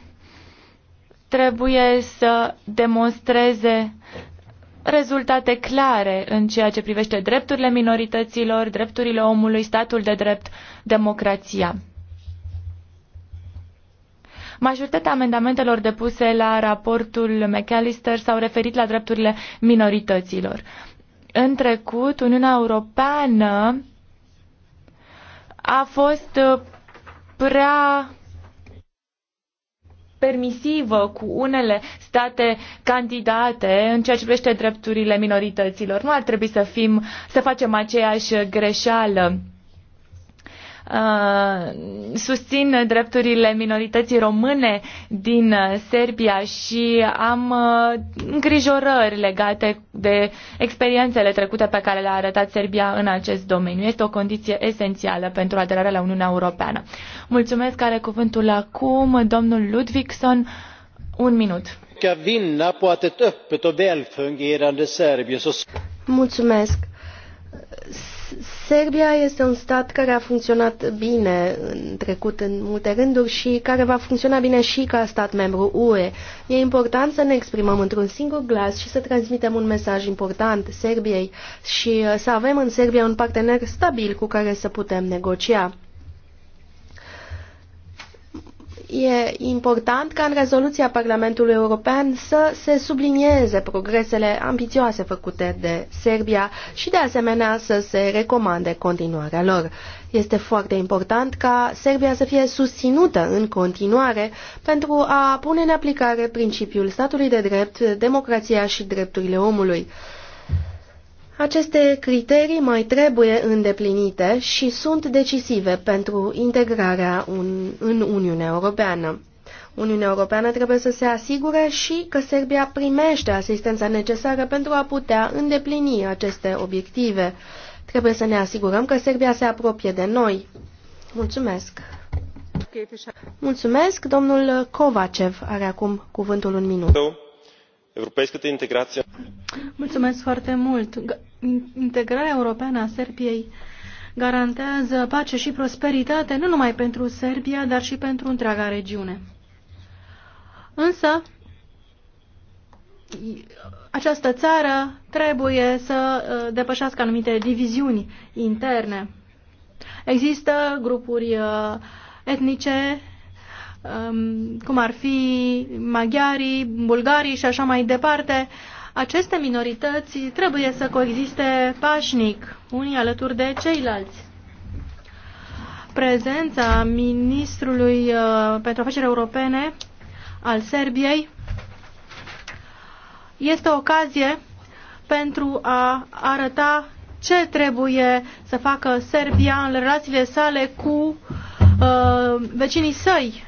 trebuie să demonstreze rezultate clare în ceea ce privește drepturile minorităților, drepturile omului, statul de drept, democrația. Majoritatea amendamentelor depuse la raportul McAllister s-au referit la drepturile minorităților. În trecut, Uniunea Europeană a fost uh, prea permisivă cu unele state candidate în ceea ce privește drepturile minorităților. Nu ar trebui să fim, să facem aceeași greșeală Uh, susțin drepturile minorității române din uh, Serbia și am uh, îngrijorări legate de experiențele trecute pe care le-a arătat Serbia în acest domeniu. Este o condiție esențială pentru aderarea la Uniunea Europeană. Mulțumesc, Care cuvântul acum domnul Ludvigson. Un minut. Mulțumesc. Serbia este un stat care a funcționat bine în trecut în multe rânduri și care va funcționa bine și ca stat membru UE. E important să ne exprimăm într-un singur glas și să transmitem un mesaj important Serbiei și uh, să avem în Serbia un partener stabil cu care să putem negocia. E important ca în rezoluția Parlamentului European să se sublinieze progresele ambițioase făcute de Serbia și de asemenea să se recomande continuarea lor. Este foarte important ca Serbia să fie susținută în continuare pentru a pune în aplicare principiul statului de drept, democrația și drepturile omului. Aceste criterii mai trebuie îndeplinite și sunt decisive pentru integrarea un, în Uniunea Europeană. Uniunea Europeană trebuie să se asigure și că Serbia primește asistența necesară pentru a putea îndeplini aceste obiective. Trebuie să ne asigurăm că Serbia se apropie de noi. Mulțumesc! Mulțumesc! Domnul Kovacev are acum cuvântul un minut. Mulțumesc foarte mult! integrarea europeană a Serbiei garantează pace și prosperitate nu numai pentru Serbia, dar și pentru întreaga regiune. Însă, această țară trebuie să uh, depășească anumite diviziuni interne. Există grupuri uh, etnice, um, cum ar fi maghiarii, bulgarii și așa mai departe, aceste minorități trebuie să coexiste pașnic, unii alături de ceilalți. Prezența ministrului uh, pentru afaceri europene al Serbiei este o ocazie pentru a arăta ce trebuie să facă Serbia în relațiile sale cu uh, vecinii săi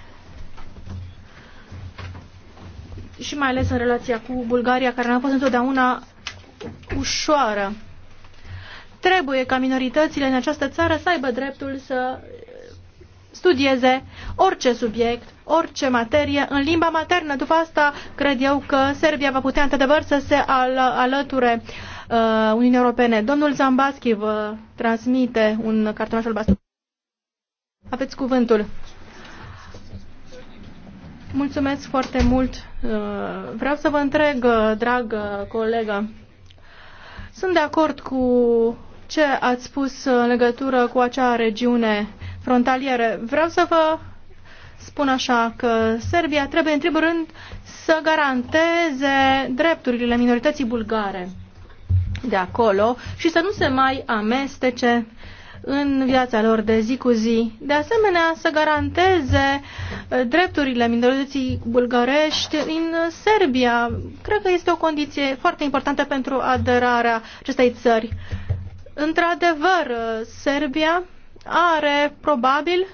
și mai ales în relația cu Bulgaria, care n-a fost întotdeauna ușoară. Trebuie ca minoritățile în această țară să aibă dreptul să studieze orice subiect, orice materie, în limba maternă. După asta, cred eu că Serbia va putea, într-adevăr, să se al alăture uh, Uniunii Europene. Domnul Zambaschi vă transmite un cartonaș albastru. Aveți cuvântul. Mulțumesc foarte mult Uh, vreau să vă întreg, uh, dragă colegă, sunt de acord cu ce ați spus în legătură cu acea regiune frontalieră. Vreau să vă spun așa că Serbia trebuie în primul rând să garanteze drepturile minorității bulgare de acolo și să nu se mai amestece uh, în viața lor de zi cu zi. De asemenea, să garanteze uh, drepturile minorității bulgărești în Serbia. Cred că este o condiție foarte importantă pentru aderarea acestei țări. Într-adevăr, uh, Serbia are probabil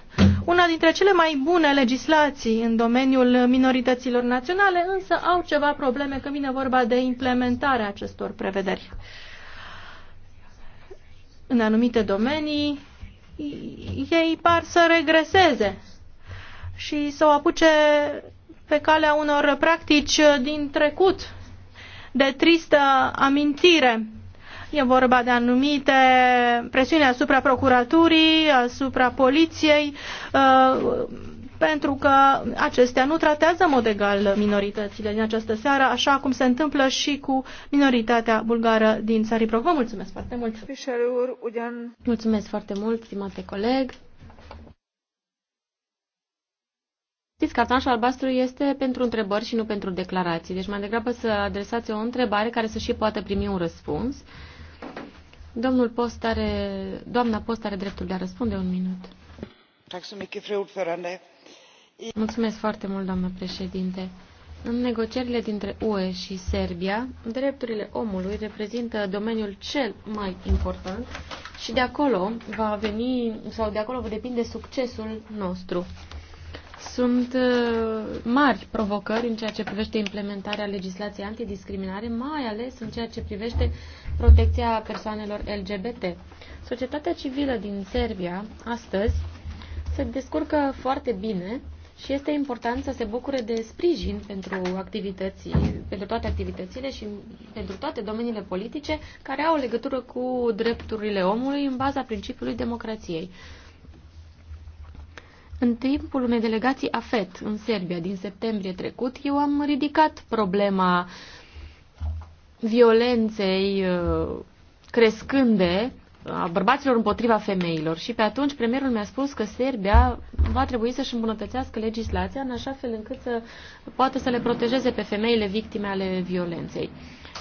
una dintre cele mai bune legislații în domeniul minorităților naționale, însă au ceva probleme când vine vorba de implementarea acestor prevederi în anumite domenii, ei par să regreseze și să o apuce pe calea unor practici din trecut, de tristă amintire. E vorba de anumite presiuni asupra procuraturii, asupra poliției, uh, pentru că acestea nu tratează în mod egal minoritățile din această seară, așa cum se întâmplă și cu minoritatea bulgară din Țaripro. Vă mulțumesc foarte mult! Mulțumesc foarte mult, stimate coleg! Știți, cartonașul albastru este pentru întrebări și nu pentru declarații, deci mai degrabă să adresați o întrebare care să și poată primi un răspuns. Domnul Post are, doamna Post are dreptul de a răspunde un minut. Mulțumesc, Mulțumesc foarte mult, doamnă președinte. În negocierile dintre UE și Serbia, drepturile omului reprezintă domeniul cel mai important și de acolo va veni, sau de acolo va depinde succesul nostru. Sunt uh, mari provocări în ceea ce privește implementarea legislației antidiscriminare, mai ales în ceea ce privește protecția persoanelor LGBT. Societatea civilă din Serbia, astăzi, se descurcă foarte bine și este important să se bucure de sprijin pentru, activității, pentru toate activitățile și pentru toate domeniile politice care au legătură cu drepturile omului în baza principiului democrației. În timpul unei delegații AFET în Serbia din septembrie trecut, eu am ridicat problema violenței uh, crescânde a bărbaților împotriva femeilor. Și pe atunci premierul mi-a spus că Serbia va trebui să-și îmbunătățească legislația în așa fel încât să poată să le protejeze pe femeile victime ale violenței.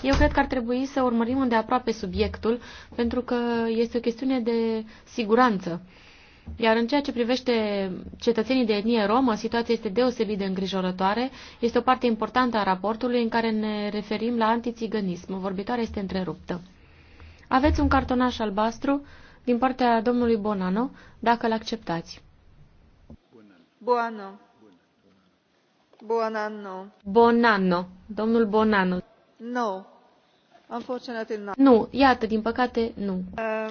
Eu cred că ar trebui să urmărim îndeaproape subiectul, pentru că este o chestiune de siguranță. Iar în ceea ce privește cetățenii de etnie romă, situația este deosebit de îngrijorătoare. Este o parte importantă a raportului în care ne referim la antițiganism. Vorbitoarea este întreruptă. Aveți un cartonaș albastru din partea domnului Bonano, dacă îl acceptați. Buono. Buonanno. Bonanno. Domnul Bonanno. No. Unfortunately not. Nu, iată, din păcate, nu. Uh,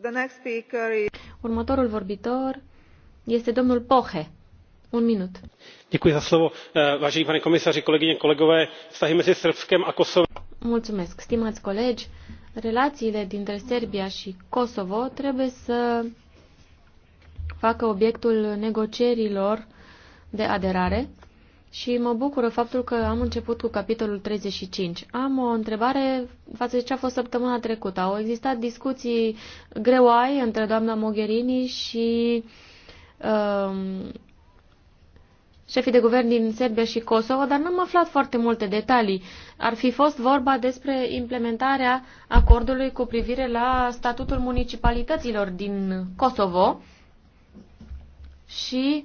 the next speaker is... Următorul vorbitor este domnul Pohe. Un minut. Děkuji za slovo. Eh, vážený pane komisaři, kolegyně, kolegové, vztahy mezi Srbskem a Kosovem Mulțumesc, stimați colegi. Relațiile dintre Serbia și Kosovo trebuie să facă obiectul negocierilor de aderare și mă bucură faptul că am început cu capitolul 35. Am o întrebare față de ce a fost săptămâna trecută. Au existat discuții greoaie între doamna Mogherini și um, șefii de guvern din Serbia și Kosovo, dar n-am aflat foarte multe detalii. Ar fi fost vorba despre implementarea acordului cu privire la statutul municipalităților din Kosovo și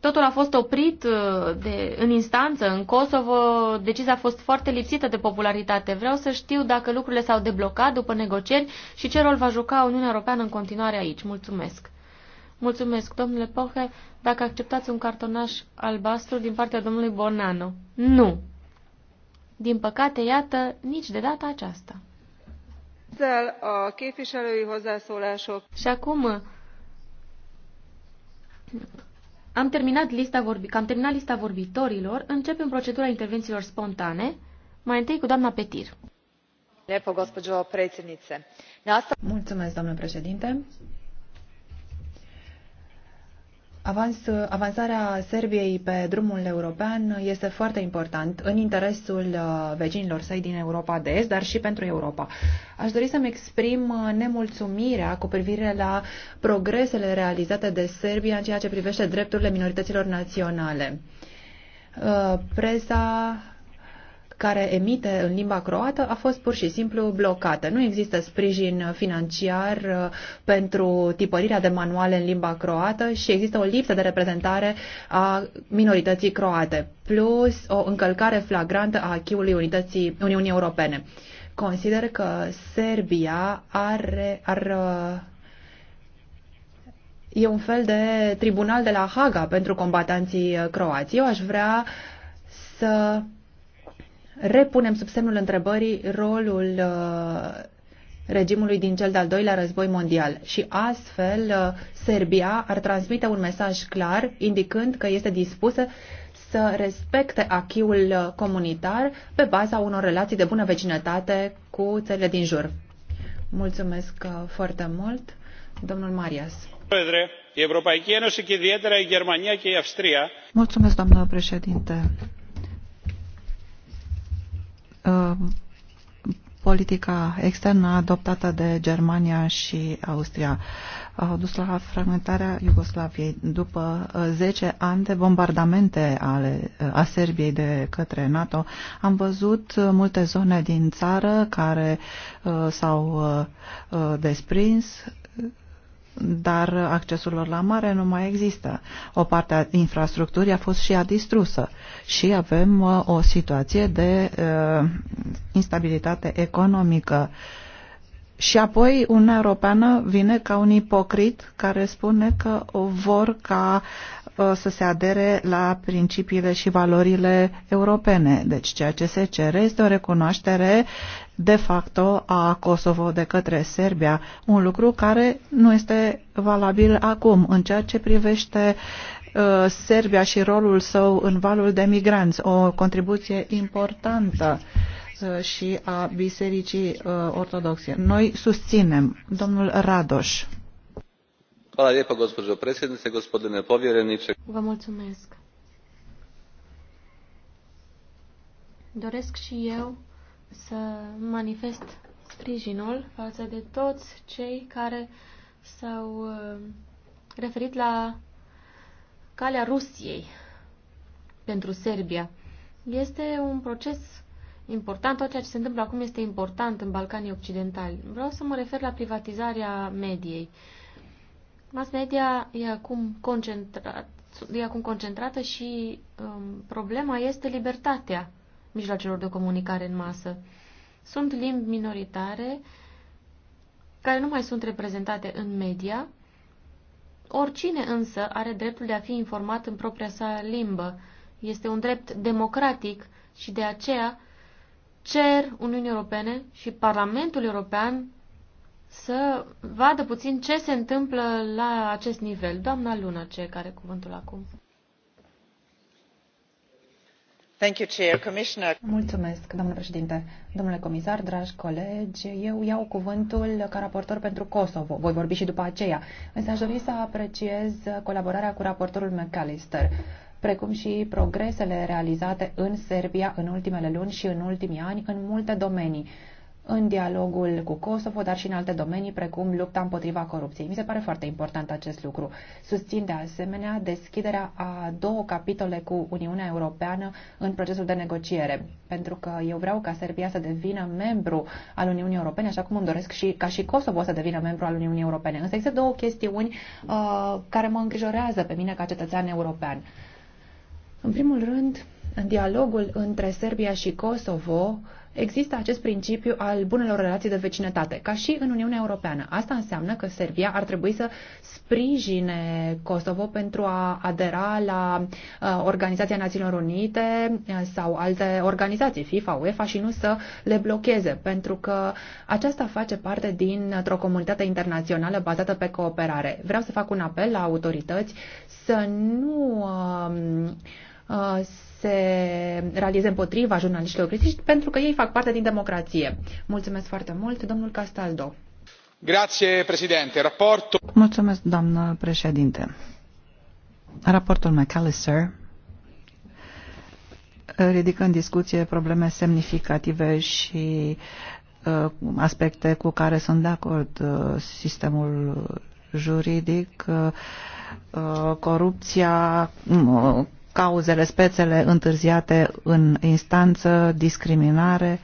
totul a fost oprit uh, de, în instanță, în Kosovo, decizia a fost foarte lipsită de popularitate. Vreau să știu dacă lucrurile s-au deblocat după negocieri și ce rol va juca Uniunea Europeană în continuare aici. Mulțumesc! Mulțumesc, domnule Poche, dacă acceptați un cartonaș albastru din partea domnului Bonano. Nu! Din păcate, iată, nici de data aceasta. Și acum am terminat lista, vorbi, am terminat lista vorbitorilor, începem procedura intervențiilor spontane, mai întâi cu doamna Petir. Mulțumesc, doamnă președinte Avans, avansarea Serbiei pe drumul european este foarte important în interesul uh, vecinilor săi din Europa de Est, dar și pentru Europa. Aș dori să-mi exprim uh, nemulțumirea cu privire la progresele realizate de Serbia în ceea ce privește drepturile minorităților naționale. Uh, presa care emite în limba croată a fost pur și simplu blocată. Nu există sprijin financiar uh, pentru tipărirea de manuale în limba croată și există o lipsă de reprezentare a minorității croate, plus o încălcare flagrantă a achiului Unității, Uniunii Europene. Consider că Serbia are, ar uh, e un fel de tribunal de la Haga pentru combatanții uh, croați. Eu aș vrea să repunem sub semnul întrebării rolul uh, regimului din cel de-al doilea război mondial și astfel uh, Serbia ar transmite un mesaj clar indicând că este dispusă să respecte achiul uh, comunitar pe baza unor relații de bună vecinătate cu țările din jur. Mulțumesc foarte mult, domnul Marias. Mulțumesc, doamnă președinte. Uh, politica externă adoptată de Germania și Austria au dus la fragmentarea Iugoslaviei după 10 uh, ani de bombardamente ale, uh, a Serbiei de către NATO. Am văzut multe zone din țară care uh, s-au uh, desprins dar accesul lor la mare nu mai există. O parte a infrastructurii a fost și a distrusă și avem uh, o situație de uh, instabilitate economică. Și apoi Uniunea Europeană vine ca un ipocrit care spune că vor ca uh, să se adere la principiile și valorile europene. Deci ceea ce se cere este o recunoaștere de facto a Kosovo de către Serbia, un lucru care nu este valabil acum în ceea ce privește uh, Serbia și rolul său în valul de migranți, o contribuție importantă uh, și a Bisericii uh, Ortodoxe. Noi susținem domnul Radoș. Vă mulțumesc. Doresc și eu să manifest sprijinul față de toți cei care s-au uh, referit la calea Rusiei pentru Serbia. Este un proces important, tot ceea ce se întâmplă acum este important în Balcanii Occidentali. Vreau să mă refer la privatizarea mediei. Mass media e acum, concentrat, e acum concentrată și um, problema este libertatea mijloacelor de comunicare în masă. Sunt limbi minoritare care nu mai sunt reprezentate în media. Oricine însă are dreptul de a fi informat în propria sa limbă. Este un drept democratic și de aceea cer Uniunii Europene și Parlamentul European să vadă puțin ce se întâmplă la acest nivel. Doamna Luna, ce care cuvântul acum. Mulțumesc, domnule președinte, domnule comisar, dragi colegi. Eu iau cuvântul ca raportor pentru Kosovo. Voi vorbi și după aceea. Însă aș dori să apreciez colaborarea cu raportorul McAllister precum și progresele realizate în Serbia în ultimele luni și în ultimii ani în multe domenii în dialogul cu Kosovo, dar și în alte domenii, precum lupta împotriva corupției. Mi se pare foarte important acest lucru. Susțin de asemenea deschiderea a două capitole cu Uniunea Europeană în procesul de negociere, pentru că eu vreau ca Serbia să devină membru al Uniunii Europene, așa cum îmi doresc și ca și Kosovo să devină membru al Uniunii Europene. Însă există două chestiuni uh, care mă îngrijorează pe mine ca cetățean european. În primul rând, în dialogul între Serbia și Kosovo, uh, există acest principiu al bunelor relații de vecinătate, ca și în Uniunea Europeană. Asta înseamnă că Serbia ar trebui să sprijine Kosovo pentru a adera la uh, Organizația Națiunilor Unite uh, sau alte organizații, FIFA, UEFA, și nu să le blocheze, pentru că aceasta face parte dintr-o comunitate internațională bazată pe cooperare. Vreau să fac un apel la autorități să nu um, uh, uh, se realize împotriva jurnaliștilor critici, pentru că ei fac parte din democrație. Mulțumesc foarte mult, domnul Castaldo. Grazie, președinte. Raportul... Mulțumesc, doamnă președinte. Raportul McAllister ridică în discuție probleme semnificative și uh, aspecte cu care sunt de acord uh, sistemul juridic, uh, corupția, cauzele, spețele întârziate în instanță, discriminare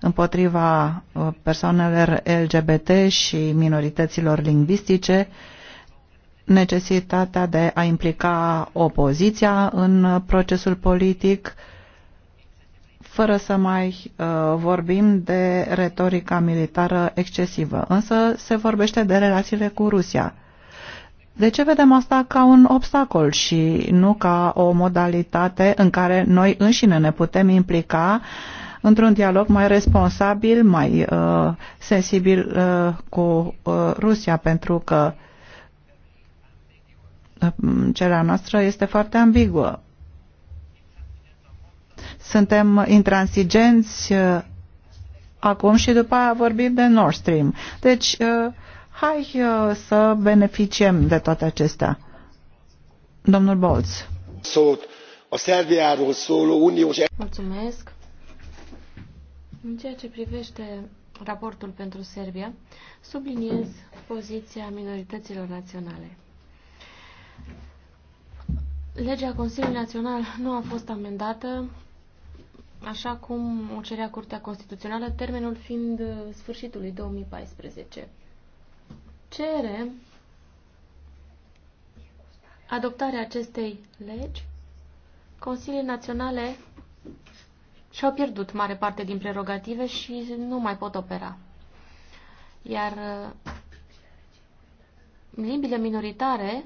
împotriva uh, persoanelor LGBT și minorităților lingvistice, necesitatea de a implica opoziția în procesul politic, fără să mai uh, vorbim de retorica militară excesivă. Însă se vorbește de relațiile cu Rusia. De ce vedem asta ca un obstacol și nu ca o modalitate în care noi înșine ne putem implica într-un dialog mai responsabil, mai uh, sensibil uh, cu uh, Rusia, pentru că uh, cerea noastră este foarte ambiguă. Suntem intransigenți uh, acum și după aia vorbim de Nord Stream. Deci, uh, Hai uh, să beneficiem de toate acestea. Domnul Bolț. Mulțumesc. În ceea ce privește raportul pentru Serbia, subliniez poziția minorităților naționale. Legea Consiliului Național nu a fost amendată, așa cum o cerea Curtea Constituțională, termenul fiind sfârșitul 2014 cere adoptarea acestei legi, Consiliile Naționale și-au pierdut mare parte din prerogative și nu mai pot opera. Iar uh, limbile minoritare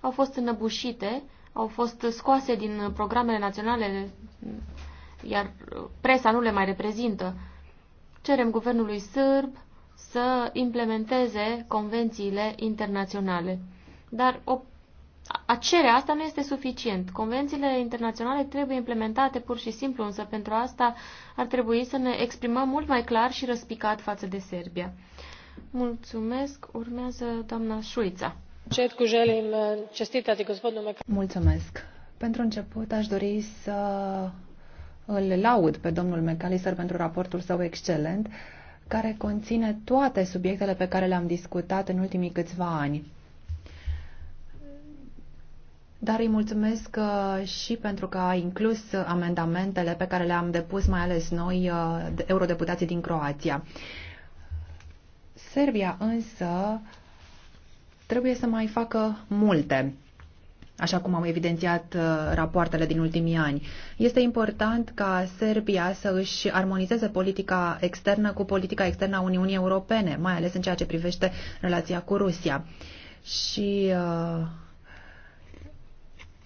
au fost înăbușite, au fost scoase din programele naționale, iar uh, presa nu le mai reprezintă. Cerem guvernului sârb să implementeze convențiile internaționale. Dar o, a cere asta nu este suficient. Convențiile internaționale trebuie implementate pur și simplu, însă pentru asta ar trebui să ne exprimăm mult mai clar și răspicat față de Serbia. Mulțumesc. Urmează doamna Șuița. Mulțumesc. Pentru început aș dori să îl laud pe domnul McAllister pentru raportul său excelent care conține toate subiectele pe care le-am discutat în ultimii câțiva ani. Dar îi mulțumesc uh, și pentru că a inclus amendamentele pe care le-am depus, mai ales noi, uh, eurodeputații din Croația. Serbia însă trebuie să mai facă multe așa cum au evidențiat uh, rapoartele din ultimii ani. Este important ca Serbia să își armonizeze politica externă cu politica externă a Uniunii Europene, mai ales în ceea ce privește relația cu Rusia. Și uh,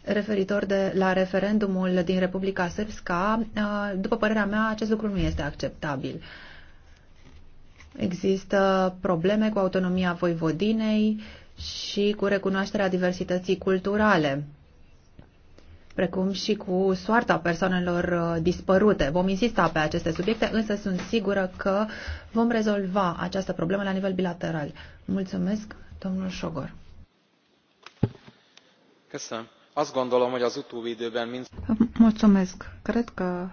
referitor de la referendumul din Republica Sârbska, uh, după părerea mea, acest lucru nu este acceptabil. Există probleme cu autonomia voivodinei, uh, și cu recunoașterea diversității culturale, precum și cu soarta persoanelor uh, dispărute. Vom insista pe aceste subiecte, însă sunt sigură că vom rezolva această problemă la nivel bilateral. Mulțumesc, domnul Șogor. Mulțumesc. Cred că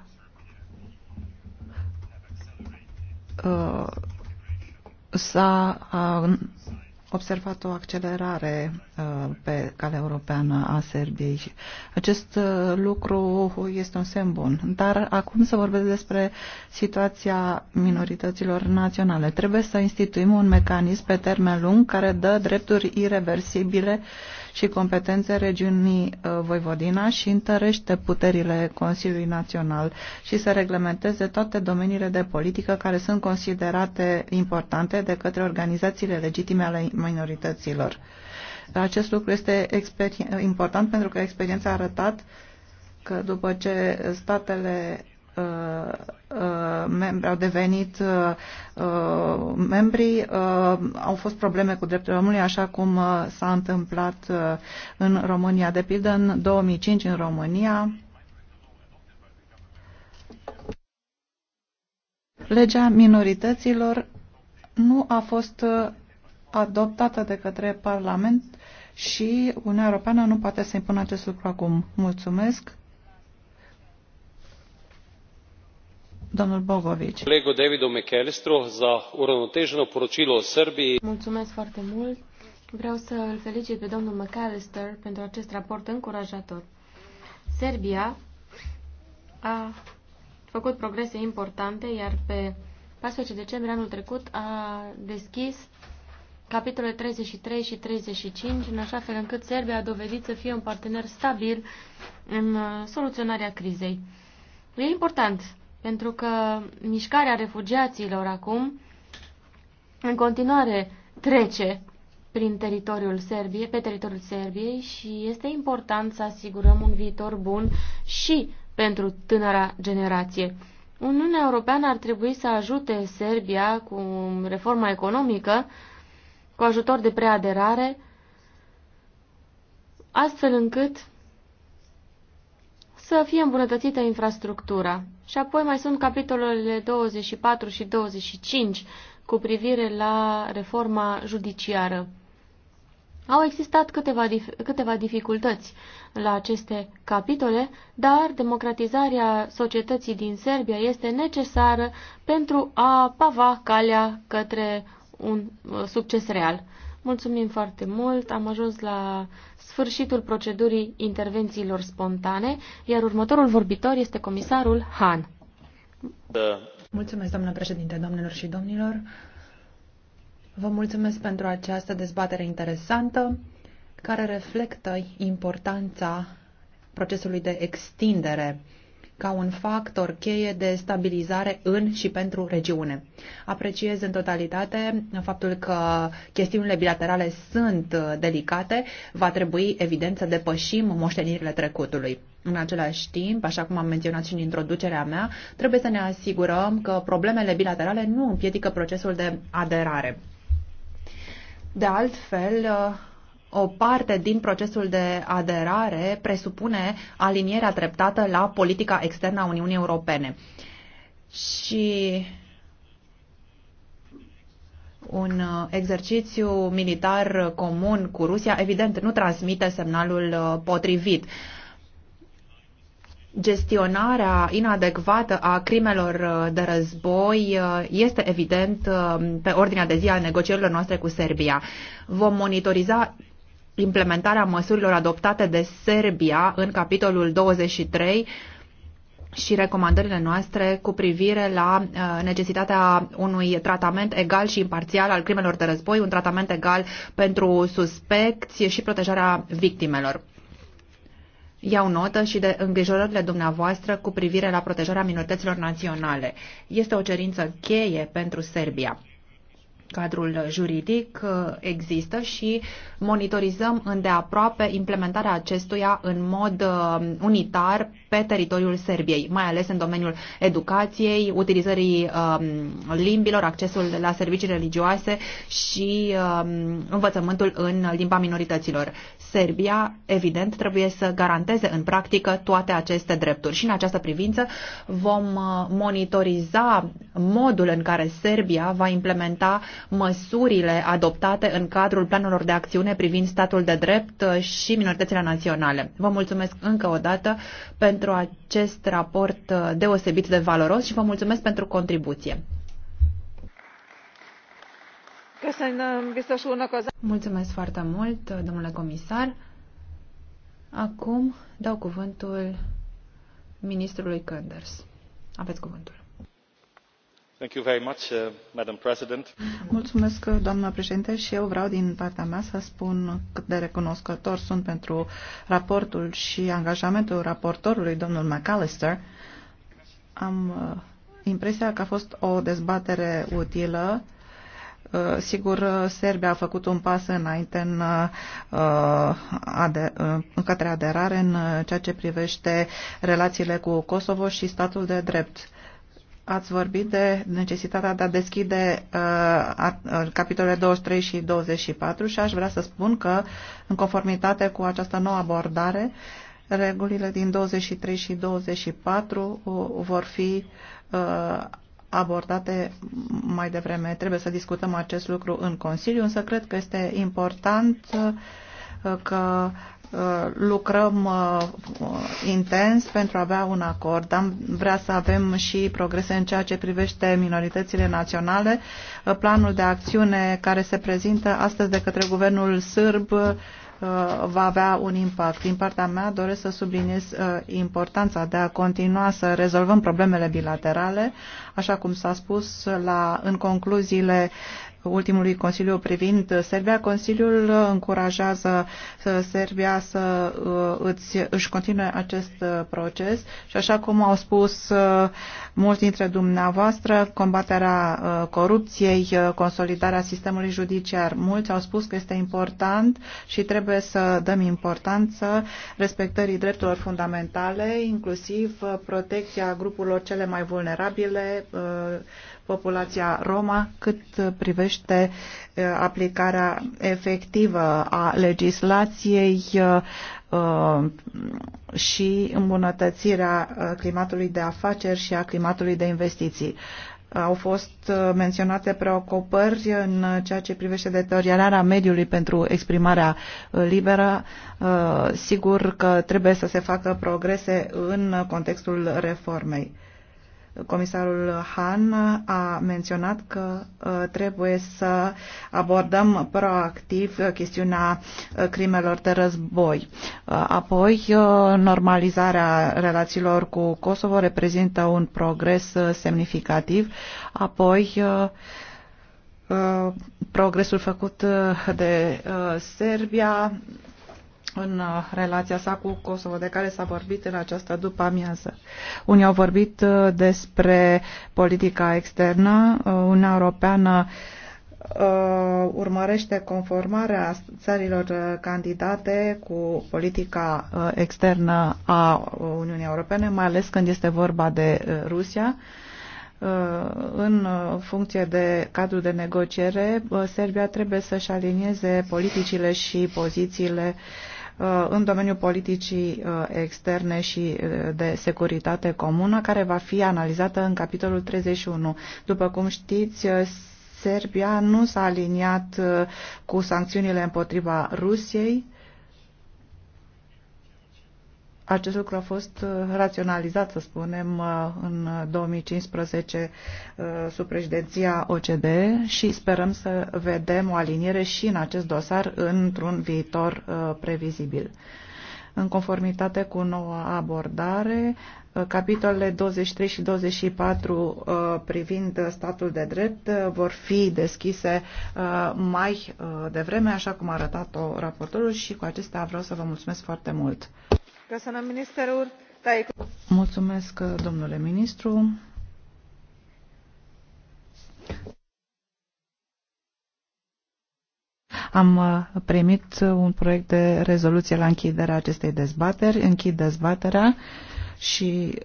uh, s-a uh, observat o accelerare uh, pe calea europeană a Serbiei. Acest uh, lucru este un semn bun. Dar acum să vorbesc despre situația minorităților naționale. Trebuie să instituim un mecanism pe termen lung care dă drepturi irreversibile uh, și competențe regiunii uh, Voivodina și întărește puterile Consiliului Național și să reglementeze toate domeniile de politică care sunt considerate importante de către organizațiile legitime ale minorităților. Acest lucru este important pentru că experiența a arătat că după ce statele Uh, uh, membri au devenit uh, membri, au fost probleme cu drepturile omului, așa cum s-a întâmplat în România. De pildă, în 2005 în România, legea minorităților nu a fost adoptată de către Parlament și Uniunea Europeană nu poate să impună acest lucru acum. Mulțumesc. Colegul Davidu McAllistru za uravnoteženo poročilo o Mulțumesc foarte mult. Vreau să îl felicit pe domnul McAllister pentru acest raport încurajator. Serbia a făcut progrese importante, iar pe 14 decembrie anul trecut a deschis capitolele 33 și 35, în așa fel încât Serbia a dovedit să fie un partener stabil în uh, soluționarea crizei. E important pentru că mișcarea refugiaților acum în continuare trece prin teritoriul Serbiei, pe teritoriul Serbiei și este important să asigurăm un viitor bun și pentru tânăra generație. Uniunea Europeană ar trebui să ajute Serbia cu reforma economică, cu ajutor de preaderare, astfel încât să fie îmbunătățită infrastructura. Și apoi mai sunt capitolele 24 și 25 cu privire la reforma judiciară. Au existat câteva, dif- câteva dificultăți la aceste capitole, dar democratizarea societății din Serbia este necesară pentru a pava calea către un uh, succes real. Mulțumim foarte mult, am ajuns la sfârșitul procedurii intervențiilor spontane, iar următorul vorbitor este comisarul Han. Da. Mulțumesc, doamnă președinte, doamnelor și domnilor. Vă mulțumesc pentru această dezbatere interesantă care reflectă importanța procesului de extindere ca un factor cheie de stabilizare în și pentru regiune. Apreciez în totalitate faptul că chestiunile bilaterale sunt uh, delicate, va trebui evident să depășim moștenirile trecutului. În același timp, așa cum am menționat și în introducerea mea, trebuie să ne asigurăm că problemele bilaterale nu împiedică procesul de aderare. De altfel, uh, o parte din procesul de aderare presupune alinierea treptată la politica externă a Uniunii Europene. Și un exercițiu militar comun cu Rusia, evident, nu transmite semnalul uh, potrivit. Gestionarea inadecvată a crimelor uh, de război uh, este evident pe ordinea de zi a negocierilor noastre cu Serbia. Vom monitoriza implementarea măsurilor adoptate de Serbia în capitolul 23 și recomandările noastre cu privire la uh, necesitatea unui tratament egal și imparțial al crimelor de război, un tratament egal pentru suspecți și protejarea victimelor. Iau notă și de îngrijorările dumneavoastră cu privire la protejarea minorităților naționale. Este o cerință cheie pentru Serbia. Cadrul juridic uh, există și monitorizăm îndeaproape implementarea acestuia în mod uh, unitar pe teritoriul Serbiei, mai ales în domeniul educației, utilizării um, limbilor, accesul la servicii religioase și um, învățământul în limba minorităților. Serbia, evident, trebuie să garanteze în practică toate aceste drepturi și în această privință vom uh, monitoriza modul în care Serbia va implementa măsurile adoptate în cadrul planurilor de acțiune privind statul de drept uh, și minoritățile naționale. Vă mulțumesc încă o dată pentru acest raport uh, deosebit de valoros și vă mulțumesc pentru contribuție. Mulțumesc foarte mult, domnule comisar. Acum dau cuvântul ministrului Kenders. Aveți cuvântul. Thank you very much, uh, Madam President. Mulțumesc, doamnă președinte, și eu vreau din partea mea să spun cât de recunoscător sunt pentru raportul și angajamentul raportorului, domnul McAllister. Am uh, impresia că a fost o dezbatere utilă uh, Uh, sigur, uh, Serbia a făcut un pas înainte în, uh, în către aderare în ceea ce privește relațiile cu Kosovo și statul de drept. Ați vorbit de necesitatea de a deschide uh, capitolele 23 și 24 și aș vrea să spun că, în conformitate cu această nouă abordare, regulile din 23 și 24 vor fi abordate mai devreme. Trebuie să discutăm acest lucru în Consiliu, însă cred că este important uh, că uh, lucrăm uh, intens pentru a avea un acord. Am vrea să avem și progrese în ceea ce privește minoritățile naționale. Planul de acțiune care se prezintă astăzi de către guvernul sârb Uh, va avea un impact. Din partea mea doresc să subliniez uh, importanța de a continua să rezolvăm problemele bilaterale, așa cum s-a spus la, în concluziile ultimului Consiliu privind Serbia. Consiliul încurajează uh, Serbia să îți, își continue acest proces și așa cum au spus mulți dintre dumneavoastră, combaterea uh, corupției, uh, consolidarea sistemului judiciar. Mulți au spus că este important și trebuie să dăm importanță respectării drepturilor fundamentale, inclusiv uh, protecția grupurilor cele mai vulnerabile, populația Roma, cât privește aplicarea efectivă a legislației Uh, și îmbunătățirea uh, climatului de afaceri și a climatului de investiții. Au fost uh, menționate preocupări în ceea ce privește deteriorarea mediului pentru exprimarea liberă. Sigur că trebuie să se facă progrese în contextul reformei comisarul Han a menționat că uh, trebuie să abordăm proactiv uh, chestiunea uh, crimelor de război. Apoi, normalizarea relațiilor cu Kosovo reprezintă un progres semnificativ. Apoi, progresul făcut de Serbia în uh, relația sa cu Kosovo, de care s-a vorbit în această după amiază. Unii au vorbit uh, despre politica externă, uh, Uniunea Europeană urmărește conformarea țărilor candidate cu politica externă a Uniunii Europene, mai ales când este vorba de Rusia în funcție de cadrul de negociere, Serbia trebuie să-și alinieze politicile și pozițiile Uh, în domeniul politicii uh, externe și uh, de securitate comună, care va fi analizată în capitolul 31. După cum știți, Serbia nu s-a aliniat cu sancțiunile împotriva Rusiei, acest lucru a fost uh, raționalizat, să spunem, uh, în 2015 uh, sub președinția OCDE și sperăm să vedem o aliniere și în acest dosar într-un viitor previzibil. În conformitate cu noua abordare, capitolele 23 și 24 privind statul de drept vor fi deschise mai devreme, așa cum a arătat-o raportorul și cu acestea vreau să vă mulțumesc foarte mult. Mulțumesc, domnule ministru. Am uh, primit un proiect de rezoluție la închiderea acestei dezbateri. Închid dezbaterea și